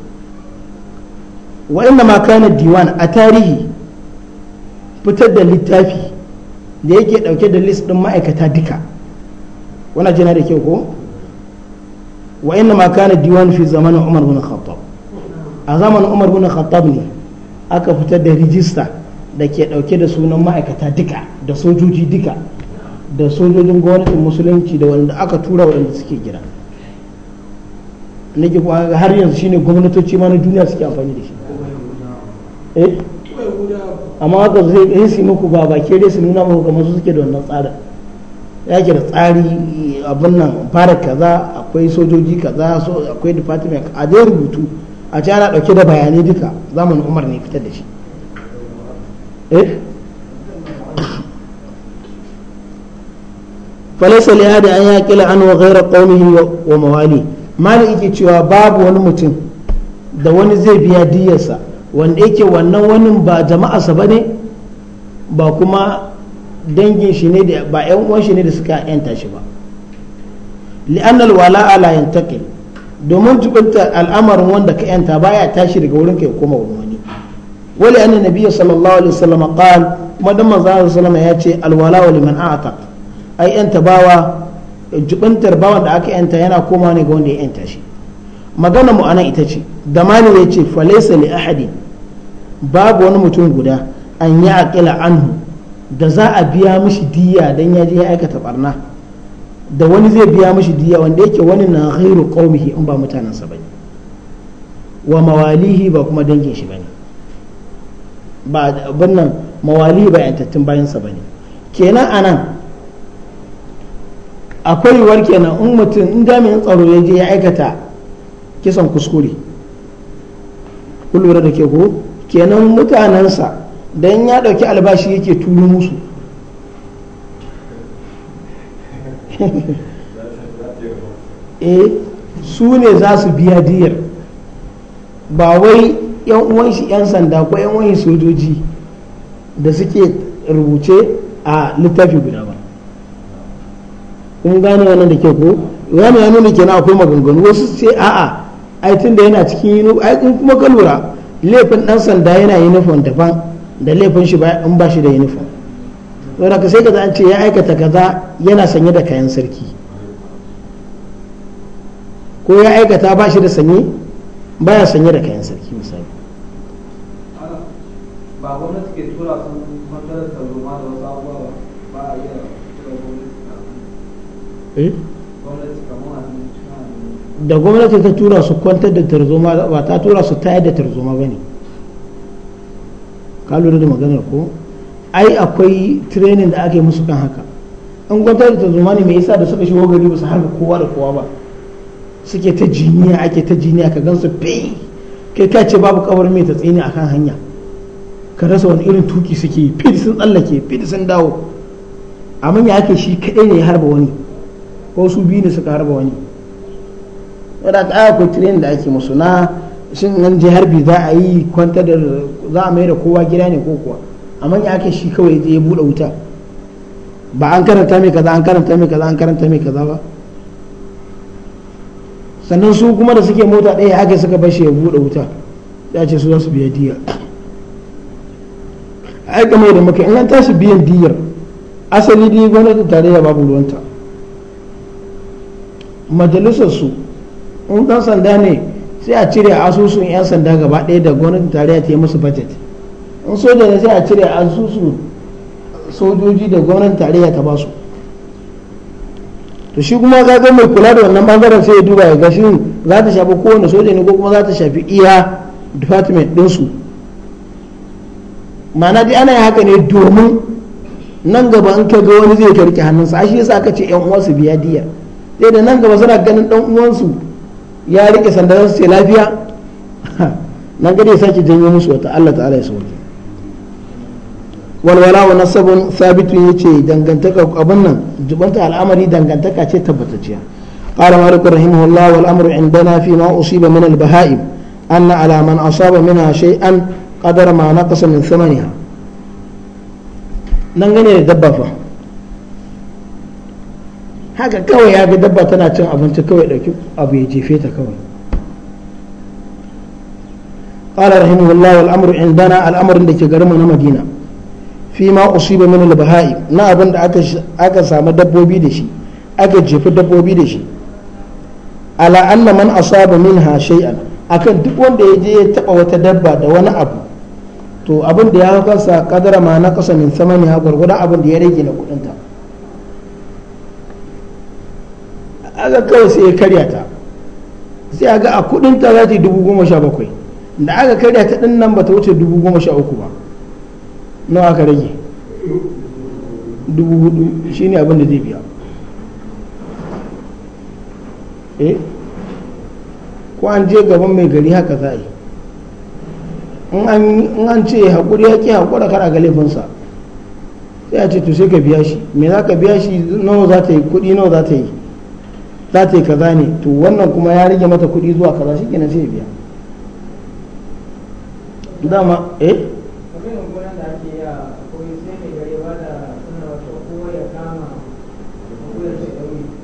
wa inna ma kana diwan a tarihi fitar da littafi da yake dauke da list din ma'aikata duka wannan jina da kyau ko wa inna ma kana diwan fi zamanin umar bin khattab a zamanin umar bin khattab ne aka fitar da rijista da ke dauke da sunan ma'aikata duka da sojoji duka da sojojin gwamnatin musulunci da wanda aka tura waɗanda suke gida nake har yanzu shine gwamnatoci ma na duniya suke amfani da shi eh amma haka zai su muku ba baki dai su nuna muku kamar su suke da wannan tsarin ke da tsari abin nan fara kaza akwai sojoji kaza su akwai department a dai rubutu a ci ana dauke da bayanai duka zamanin umar ne fitar da shi eh falaisa da an yaƙi an wa gaira ƙaunihi wa mawali mali yake cewa babu wani mutum da wani zai biya diyarsa wanda yake wannan wani ba jama'arsa ba ne ba kuma dangin shi ne da ba yan uwan shi ne da suka yanta shi ba li'anna alwala ala yantakil domin tukunta al'amarin wanda ka yanta baya tashi daga wurin kai koma wurin wani wali anna nabi sallallahu alaihi wasallam qala kuma dan manzo sallallahu alaihi wasallam ya ce alwala liman a'taq ai yanta bawa jubuntar bawan da aka yanta yana koma ne ga wanda ya yanta shi magana mu anan ita ce da malin ya ce falaisa li ahadi babu wani mutum guda an yi aƙila anhu da za a biya mishi diya don ya je ya aikata barna da wani zai biya mishi diya wanda yake wani na ghairu qaumihi in ba mutanensa bane wa mawalihi ba kuma dangin shi bane ba abin nan mawali ba yantattun bayansa bane kenan anan akwai war in mutum in jami'in tsaro ya je ya aikata kisan kuskure kun lura da ke ko kenan mutanensa don ya ɗauki albashi yake turo musu [LAUGHS] e su ne za su biya diyar ba wai yan uwan shi yan sanda ko yan wani sojoji da suke rubuce a littafi guda ba kun gane wannan da ke ko wani ya nuna kenan akwai maganganu wasu sai a'a ai tun da yana cikin yi ai in kuma ka lura laifin dan sanda yana uniform daban da laifin shi in ba shi da uniform wanda ka sai ka an ce ya aikata kaza yana sanye da kayan sarki ko ya aikata ba shi da sanye ya sanye da kayan sarki misali ba gwamnati ke tura sun da wasu abubuwa ba a iya gwamnati eh? da gwamnati ta tura su kwantar da tarzoma ba ta tura su tayar da tarzoma ba ne ka lura da maganar ko ai akwai training da ake musu kan haka an kwantar da tarzoma ne mai yasa da suka shigo gari ba su harba kowa da kowa ba suke ta jiniya ake ta jiniya ka gansu fei kai ka ce babu kawar mai ta tsini kan hanya ka rasa wani irin tuki suke yi fit sun tsallake fit sun dawo amma ya ake shi kadai ne ya harba wani ko su biyu ne suka harba wani wadda ka aya tirin da ake musu na shin nan je harbi za a yi kwanta da za a mai da kowa gida ne ko kuwa amma ya ake shi kawai zai ya buɗe wuta ba an karanta mai kaza an karanta mai kaza an karanta mai kaza ba sannan su kuma da suke mota ɗaya ake suka bashi ya buɗe wuta ya ce su za su biya diya ai kamar da maka in an tashi biyan diyar asali dai gwamnati tarayya babu ruwanta majalisar su in dan sanda ne sai a cire asusun 'yan sanda gaba ɗaya da gwamnatin tarayya ta yi musu budget in soja ne sai a cire asusun sojoji da gwamnatin tarayya ta basu to shi kuma ka ga mai kula da wannan bangaren sai ya duba ya ga shin za ta shafi kowane soja ne ko kuma za ta shafi iya department ɗinsu ma'ana dai ana yi haka ne domin nan gaba in ka wani zai karki hannunsa a shi yasa aka ce 'yan uwansu biya diya sai da nan gaba suna ganin dan uwansu ya rike sandan sai lafiya nan gari sai ki janyo musu wata Allah ta'ala ya sauke walwala wa nasabun thabit yace dangantaka abun jubanta al'amari dangantaka ce tabbatacciya qala maruk rahimahullah wal amru indana fi ma usiba min al bahaib anna ala man asaba minha shay'an qadara ma naqasa min thamaniha nan gane da dabba fa haka kawai ya ga dabba tana cin abinci kawai ɗauki abu ya jefe ta kawai قال رحمه الله والأمر عندنا الأمر عندك قرمنا مدينة فيما أصيب من البهائم نا أبن أكا سام دبوبي دشي أكا جيف دبوبي دشي على أن من أصاب منها شيئا akan duk wanda ya je ya taba wata dabba da wani abu to abin da ya kasa kadara ma na kasa min samani ha gwargwadon abin da ya rage na kudinta aga kawai sai ya karya ta sai a ga a kudin ta za ta yi dubu goma sha bakwai da aka karya ta din nan ba ta wuce dubu goma sha uku ba nawa aka rage dubu hudu ne abin da zai biya eh ko an je gaban mai gari haka za a yi in an ce haƙuri ya ƙi haƙura kara ga laifinsa sai a ce to sai ka biya shi me za ka biya shi nawa za ta yi kuɗi nawa za ta yi za ta yi kaza ne to wannan kuma ya rage mata kuɗi zuwa kaza shi kenan sai biya dama eh,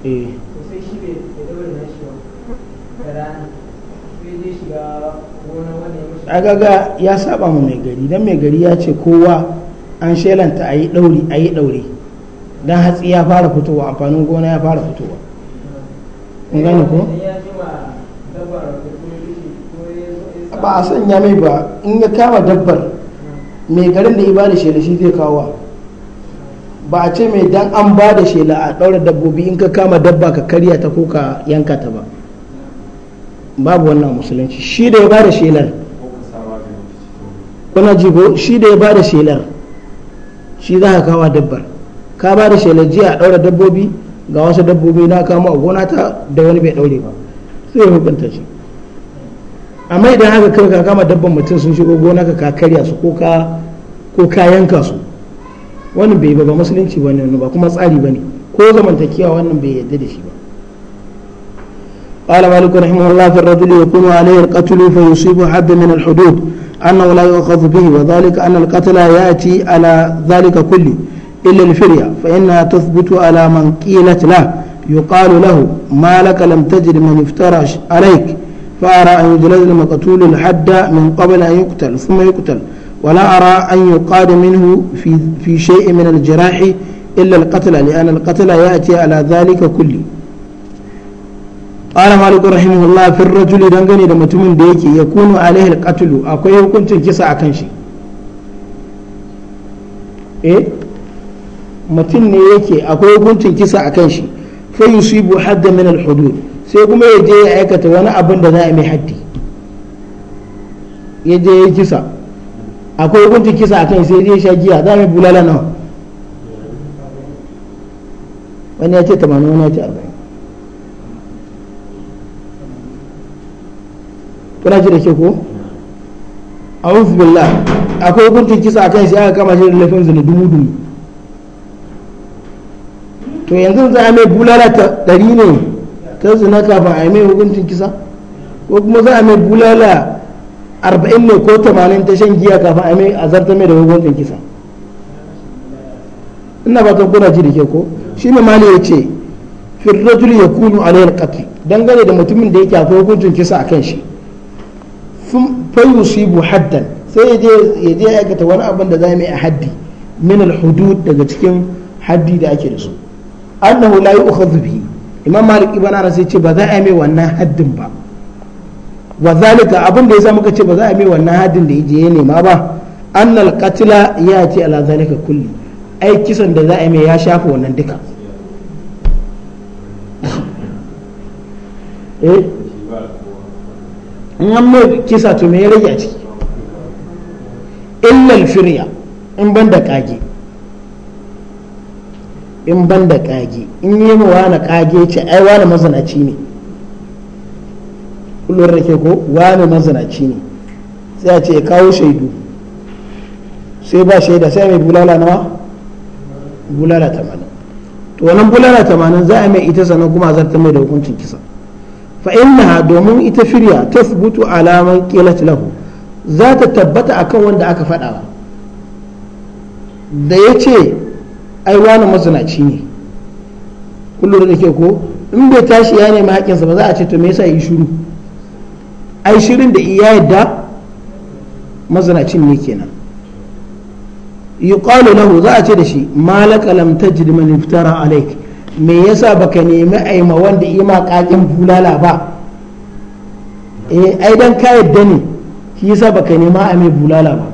eh. a gaga ya saba mu mai gari don mai gari ya ce kowa an shelanta a yi ɗauri a ɗauri don hatsi ya fara fitowa amfanin gona ya fara fitowa gane ko ba a sanya mai ba in ya kama dabbar mai garin da ibada shela shi zai kawo ba a ce mai dan an ba da shela a ɗaura dabbobi in ka kama dabba ka karya ta ko ka yanka ta ba babu wannan musulunci shi da ya ba da shelar kuna jibo shi da ya ba da shelar shi za ka kawo dabbar ka ba da shelar jiya a ɗaura dabbobi ga wasu dabbobi na kama a gona ta da wani bai daure ba sai ya hukunta shi amma idan haka kai ka kama dabban mutum sun shigo gona ka ka karya su ko ka ko ka yanka su wannan bai ba musulunci bane ba kuma tsari bane ko zamantakewa wannan bai yadda da shi ba قال مالك رحمه الله في الرجل يكون عليه القتل فيصيب حد من الحدود أنه لا يؤخذ به وذلك أن القتل يأتي على ذلك كله إلا الفرية فإنها تثبت على من قيلت له يقال له ما لك لم تجد من افترى عليك فأرى أن يجلد المقتول الحد من قبل أن يقتل ثم يقتل ولا أرى أن يقاد منه في, في شيء من الجراح إلا القتل لأن القتل يأتي على ذلك كله قال مالك رحمه الله في الرجل دنغني دمتم ديكي يكون عليه القتل أكو يكون تنكسا أكنشي إيه mutum ne yake akwai hukuncin kisa a kan shi fa yusibu hadda min al hudud sai kuma ya je ya aikata wani abin da za a mai haddi ya je ya kisa akwai hukuncin kisa a kan shi sai ya sha giya za mu mai bulala nawa wani ya ce 80 wani ya ce 40 kuna ji da ke ko a'udhu billah akwai hukuncin kisa a kan shi aka kama shi da laifin zina dumu dumu to yanzu za a mai bulala ta ɗari ne ta zina kafin a mai hukuncin kisa ko kuma za a mai bulala arba'in ne ko tamanin ta shan giya kafin a mai azarta mai da hukuncin kisa ina ba ta kuna ji da ke ko shi ne mali ya ce firrajul ya kunu alayhi qatl dangane da mutumin da yake akwai hukuncin kisa a kan shi fa bu haddan sai ya je ya aikata wani abin da za mai a haddi min al hudud daga cikin haddi da ake da su annahu yi yu'khadhu bihi imam malik ibana anas ce ba za a mai wannan haddin ba wa zalika abin da yasa muka ce ba za a mai wannan haddin da yaje ya nema ba annal ya ce ala zalika kulli ai kisan da za a mai ya shafi wannan duka eh in an mai kisa to me ya rage a ciki illal firiya in ban da kage in ban da kage in yi ma wani kage ce ai wani mazanaci ne kullum da ke ko wani mazanaci ne sai a ce ya kawo shaidu sai ba shaida sai mai bulala nawa bulala tamanin to wannan bulala tamanin za a mai ita sannan kuma zartar mai da hukuncin kisa fa innaha domin ita firya subutu alaman qilat lahu za ta tabbata akan wanda aka faɗawa da ya ce ai wani mazinaci ne kullum da ke ko in bai tashi ya nemi haƙƙinsa ba za a ce to me yasa yi shiru ai shirin da iya yadda mazinacin ne kenan yuqalu lahu za a ce da shi malaka lam tajid man iftara alaik me yasa baka nemi aima wanda ma kakin bulala ba eh ai dan ka yadda ne shi yasa baka nema a mai bulala ba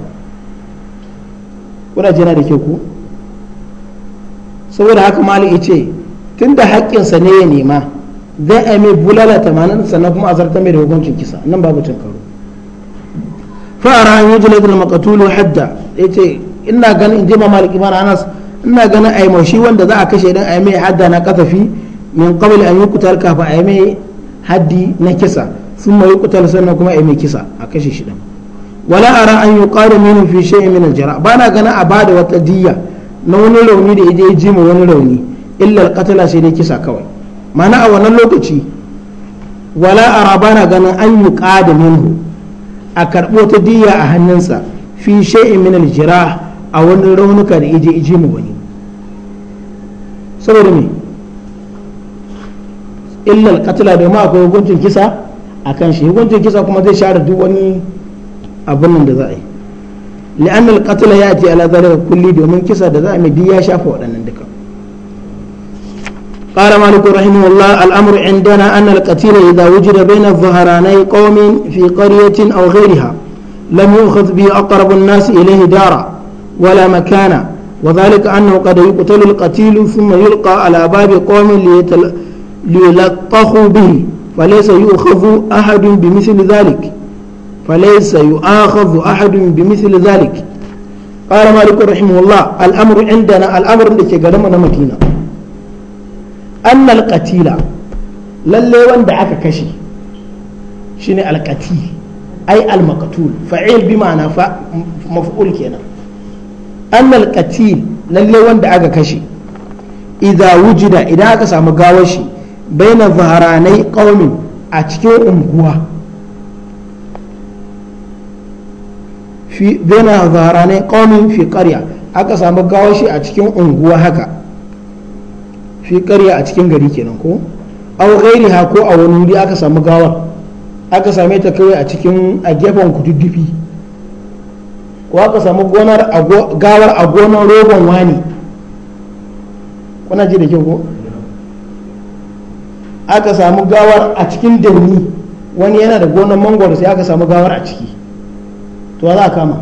kuna jira da ke ku saboda haka malik tun da haƙƙinsa ne ya nema zai ai mai bulala tamanin sannan kuma azarta mai da hukuncin kisa nan babu tunkaro fara an yujlad al maqtul hadda yace ina ganin inji ma malik ibn anas ina ganin ai maushi wanda za a kashe din ai hadda na kasafi min kawai an yi yuqtal kafa ai mai haddi na kisa sun thumma yuqtal sannan kuma ai mai kisa a kashe shi din wala ara an yuqalu minhu fi shay'in min al ba na ganin a bada wata diyya na wani rauni da ya je ma wani rauni illar katala sai dai kisa kawai mana a wannan lokaci wala araba na ganin an yi da minhu a karɓo ta diya a hannunsa fi shay'in min aljira a wani raunuka da ije ije mu wani saboda me illal katila da ma akwai hukuncin kisa a kan shi hukuncin kisa kuma zai share duk wani abin da za a yi لأن القتل يأتي على ذلك كل دومين كسا دزامي دي يا شافو ودنن دكا قال مالك رحمه الله الأمر عندنا أن القتيل إذا وجد بين الظهراني قوم في قرية أو غيرها لم يؤخذ به أقرب الناس إليه دارا ولا مكانا وذلك أنه قد يقتل القتيل ثم يلقى على باب قوم ليتل... ليلقخوا به فليس يؤخذ أحد بمثل ذلك فليس يؤاخذ أحد بمثل ذلك قال مالك رحمه الله الأمر عندنا الأمر الذي قدمنا مدينة أن القتيل للي وان دعاك كشي شنو القتيل أي المقتول فعيل بمعنى مفعول كنا أن القتيل للي وان دعاك كشي إذا وجد إذا أكسى مقاوشي بين ظهراني قوم أتكي أمقوه fi baina zaharane qaumin fi qarya aka samu gawashi a cikin unguwa haka fi qarya a cikin gari kenan ko aw ha ko a wani wuri aka samu gawar aka same ta kawai a cikin a gefen kududdufi ko aka samu gonar gawar a gonar roban wani kuna ji da kyau ko aka samu gawar a cikin dauni wani yana da gonar mangoro sai aka samu gawar a ciki to za a kama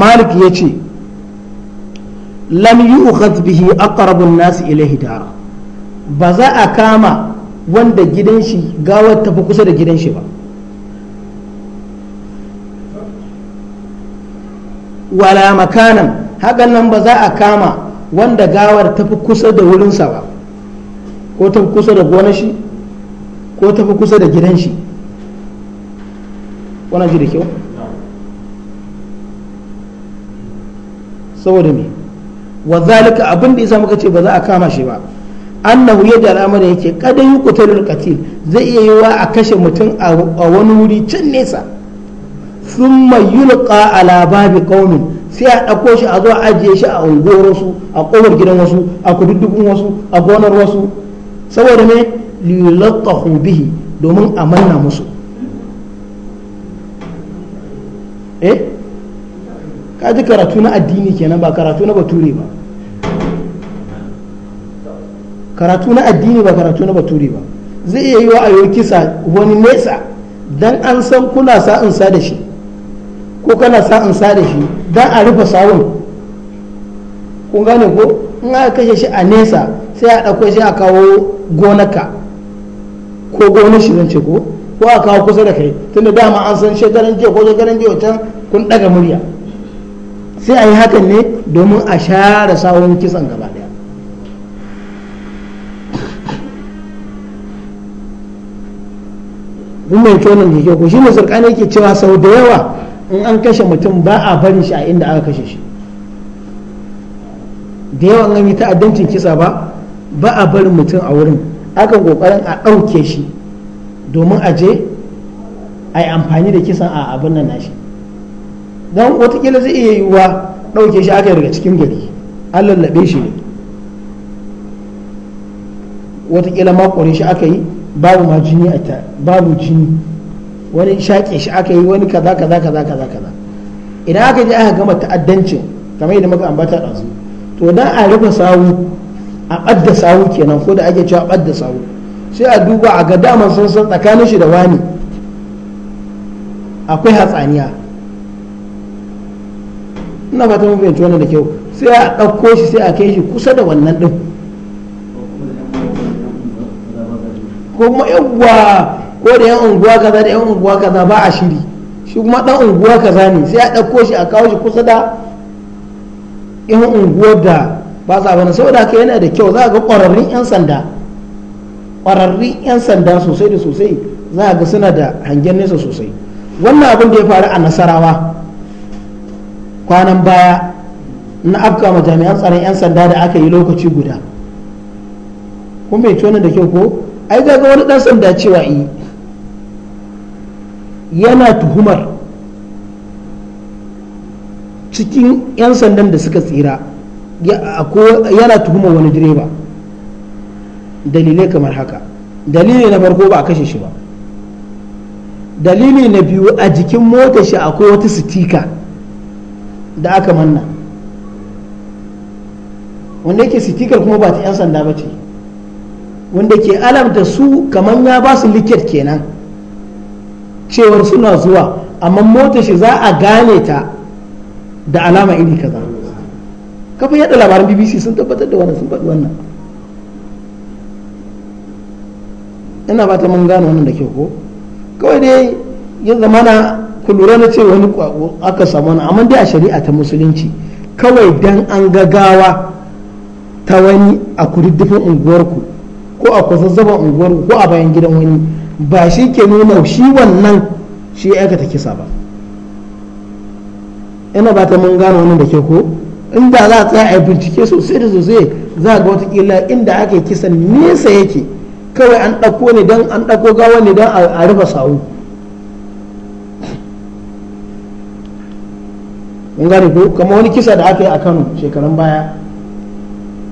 malik ya ce lam yu'khadh bihi aqrabu an ba za a kama wanda gidan shi gawar tafi kusa da gidan shi ba wala makanan hakan nan ba za a kama wanda gawar tafi kusa da wurinsa ba ko tafi kusa da shi ko kusa da gidan shi kuna ji da kyau saboda me wa zalika abin da yasa muka ce ba za a kama shi ba annahu da al'amarin yake kadan yi kutalul katil zai iya yi wa a kashe mutum a wani wuri can nesa sun yulqa ala alababi ƙaunin sai a ɗauko shi a zo a ajiye shi a unguwar wasu a ƙofar gidan wasu a kududdufin wasu a gonar wasu saboda me liyulattahu bihi domin a manna musu eh ka ji karatu na addini kenan ba karatu na bature ba karatu na addini ba karatu na bature ba zai iya yi wa a kisa wani nesa dan an san kuna sa'in sa da shi ko kana sa'in sa da shi dan a rufe sawun kun gane ko in aka kashe shi a nesa sai a ɗauko shi a kawo gonaka ko gonar shi zan ce ko ko a kawo kusa da kai tunda dama an san shekaran jiya ko shekaran jiya can kun ɗaga murya sai a yi hakan ne domin a share sawun kisan gaba daya mun mai tonin da ke ko shi ne surkani yake cewa sau da yawa in an kashe mutum ba a barin shi a inda aka kashe shi da yawan an yi ta'addancin kisa ba ba a barin mutum a wurin akan kokarin a ɗauke shi domin aje je a yi amfani da kisan a abin nan nashi don watakila zai iya yiwuwa ɗauke shi aka daga cikin gari an lallabe shi ne watakila makwarin shi aka yi babu ma jini a ta babu jini wani shaƙe shi aka yi wani kaza kaza kaza kaza kaza idan aka je aka gama ta'addancin kamar da muka ambata ɗazu to dan a rufe sawu a ɓadda sawu kenan ko da ake cewa ɓadda sawu sai a duba a ga daman sun san tsakanin shi da wani akwai hatsaniya ina fata mun fahimci wannan da kyau sai a ɗauko shi sai a kai shi kusa da wannan ɗin kuma yawwa ko da yan unguwa kaza da yan unguwa kaza ba a shiri shi kuma ɗan unguwa kaza ne sai a ɗauko shi a kawo shi kusa da yan unguwar da ba sa bane saboda haka yana da kyau za ga ƙwararrun yan sanda ƙwararrun yan sanda sosai da sosai za ga suna da hangen nesa sosai wannan abin da ya faru a nasarawa kwanan baya na afka ma jami'an tsaron 'yan sanda da aka yi lokaci guda kun bai tona da kyau ko ai ga wani dan sanda cewa yi yana tuhumar cikin 'yan sandan da suka tsira yana tuhumar wani direba dalilai kamar haka dalili na farko ba a kashe shi ba dalili na biyu a jikin motar shi akwai wata sitika da aka manna wanda yake sitikar kuma ba ta 'yan sanda ba ce wanda ke alamta su kamar ya ba su liket kenan cewar suna zuwa amma mota shi za a gane ta da alama iri kaza kafin yada labaran bbc sun tabbatar da wannan sun faɗi wannan ina fata mun gane wannan da kyau ko kawai dai ya zamana ku lura na ce wani aka samu wani amma dai a shari'a ta musulunci kawai dan an gagawa ta wani a kuriddufin unguwarku ko a kwazazzaban unguwarku ko a bayan gidan wani ba shi ke nuna shi wannan shi aikata kisa ba ina ba ta mun gane wannan da ke ko inda za a tsaya a bincike sosai da sosai za a ga watakila inda ake kisan nesa yake kawai an ɗauko ne don an ɗauko gawa ne don a rufe sawu mun gane ko kama wani kisa da aka yi a kano shekarun baya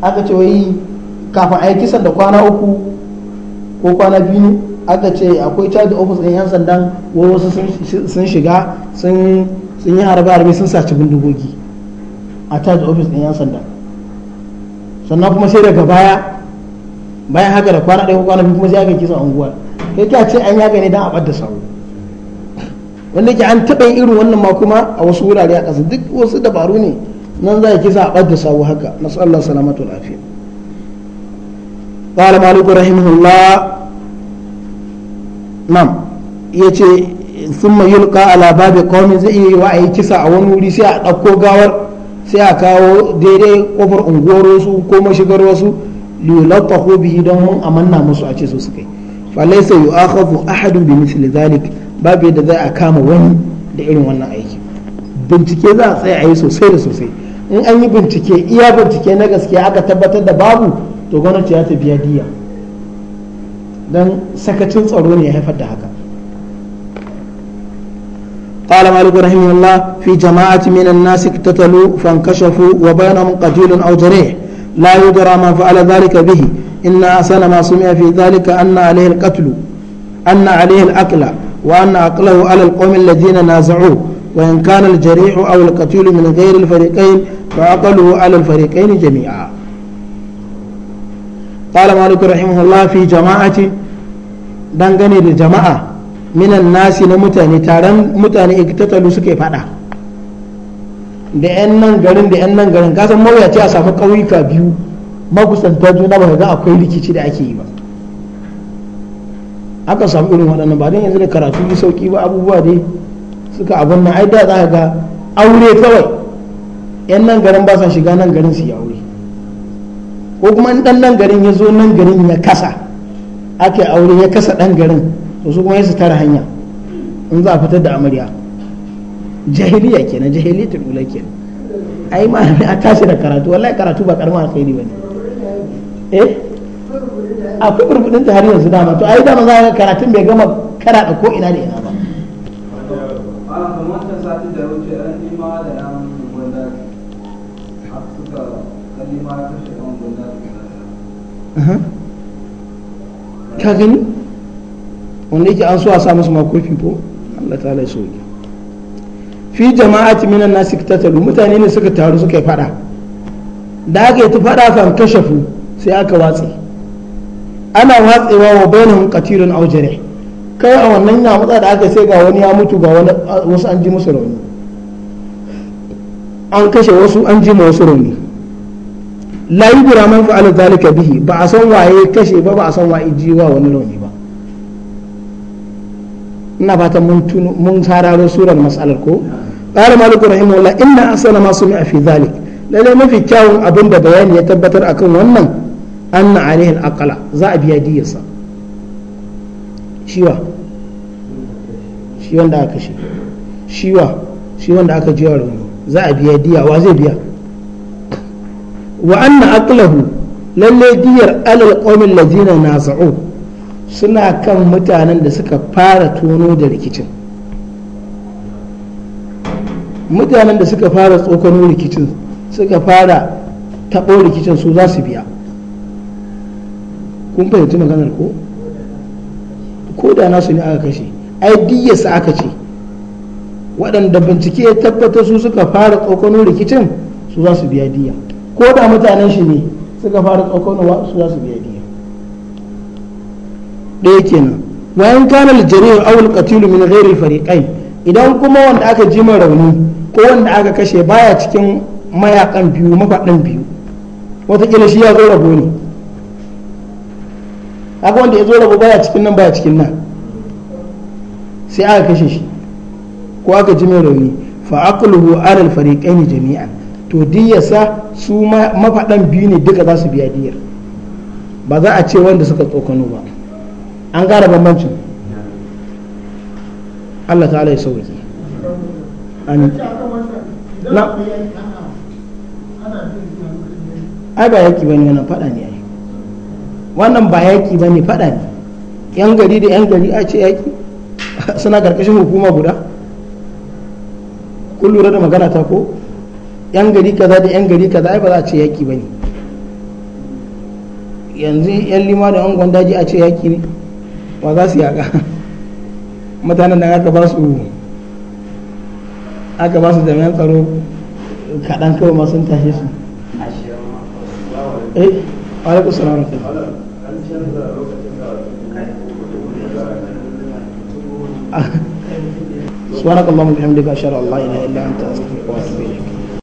aka ce wai kafin a yi kisan da kwana uku ko kwana biyu ne aka ce akwai charge office ɗin yan sandan wani wasu sun shiga sun yi harbe harbe sun saci bindigogi a charge office ɗin yan sandan sannan kuma sai daga baya bayan haka da kwana ɗaya ko kwana biyu kuma sai aka kisa unguwar kai ta ce an yaga ne don a ɓadda sauro wanda ke an taɓa irin wannan ma kuma a wasu wurare a ƙasa duk wasu dabaru ne nan za a kisa a ɓadda sawu haka nasu Allah salamatu lafiya قال مالك رحمه ya ce sun ثم يلقى على باب a zai yi wa a yi sai a ɗauko gawar sai a kawo daidai kofar unguwar wasu ko mashigar wasu ko bihi don mun amanna musu a ce su suka yi a yu'akhadhu ahadun bi mithli dhalik babu yadda za a kama wani da irin wannan aiki bincike za a tsaya a yi sosai da sosai in an yi bincike iya bincike na gaskiya aka tabbatar da babu to gwamnati ya ta biya diya don sakacin tsaro ne ya haifar da haka قال مالك رحمه الله في جماعة من الناس اقتتلوا فانكشفوا وبينهم قتيل أو جريح لا يدرى ما فعل ذلك به إن أحسن ما سمع في ذلك أن عليه القتل أن عليه الأكل وأن عقله على القوم الذين نازعوه وإن كان الجريح أو القتيل من غير الفريقين فعقله على الفريقين جميعا قال مالك رحمه الله في جماعة دنغني الجماعة من الناس نمتاني تارن متاني اكتتلوا سكي فانا da yan nan garin da yan nan garin kasan mawuyaci a samu ƙauyuka biyu makusanta juna ba ga akwai rikici da ake yi ba aka samu irin waɗannan ba don yanzu da karatu yi sauki ba abubuwa dai suka abin nan ai da za ka ga aure kawai yan nan garin ba sa shiga nan garin su yi aure ko kuma in ɗan nan garin ya zo nan garin ya kasa ake aure ya kasa ɗan garin to su kuma ya su tara hanya in za a fitar da amarya jahiliya kenan jahiliyatul ula kenan ai ma a tashi da karatu wallahi karatu ba karama alkhairi bane eh akwai burbudin ta har yanzu dama to ai dama za ga karatun bai gama da ko ina da ina ba ka gani wanda yake an so a sa musu makofi ko Allah ta lai soke fi jama'ati minan nasi tatalu mutane ne suka taru suka yi fada da aka yi ta fada fan kashafu sai aka watsi ana watsewa wa bainahum katirin aujere kai a wannan ya matsa da aka sai ga wani ya mutu ga wani wasu an ji musu rauni an kashe wasu an ji ma wasu rauni la bura man fa'ala zalika bihi ba a san waye kashe ba ba a san waye ji wa wani rauni ba ina fata mun tuno mun sararo surar mas'alar ko qala malik rahimahullah inna asana ma sumi'a fi dhalik lalle mafi kyawun abin da bayani ya tabbatar akan wannan anna alaihin akala za a biya diyarsa shiwa shi wanda aka shi shiwa shi wanda aka jiya rauni za a biya diya wa zai biya wa anna aqlahu lalle diyar alal qawmin lazina nasa'u suna kan mutanen da suka fara tono da rikicin mutanen da suka fara tsokano rikicin suka fara taɓo rikicin su za su biya kun fahimci maganar ko ko da nasu ne aka kashe ai diyyarsa aka ce waɗanda bincike ya tabbata su suka fara tsokano rikicin su za su biya diya ko da mutanen shi ne suka fara tsokanuwa su za su biya diya ɗaya kenan wayan kana aljarir aw katilu min ghairi alfariqain idan kuma wanda aka ji rauni ko wanda aka kashe baya cikin mayakan biyu mafaɗin biyu wataƙila shi ya zo rabo ne haka wanda ya zo rabo baya cikin nan baya cikin nan sai aka kashe shi ko aka ji mai rauni fa aqluhu ala al fariqain jami'an to diyasa su mafadan biyu ne duka za su biya diyar ba za a ce wanda suka tsokano ba an gara bambancin Allah ta'ala ya sauki amin na ai ba yaki bane wannan fada ne wannan ba yaƙi ba ne faɗa ne yan gari da yan gari a ce yaƙi [LAUGHS] suna ƙarƙashin hukuma guda kun lura da magana ta ko yan gari kaza da yan gari kaza ai ba za a ce yaƙi ba ne yanzu yan lima da yan gwandaji a ce yaƙi ne ba za su yaƙa [LAUGHS] mutanen da aka ba su aka ba su jami'an tsaro kaɗan kawai ma sun tashe su eh alaikum salam سبحانك اللهم وبحمدك اشهد ان لا اله الا انت استغفرك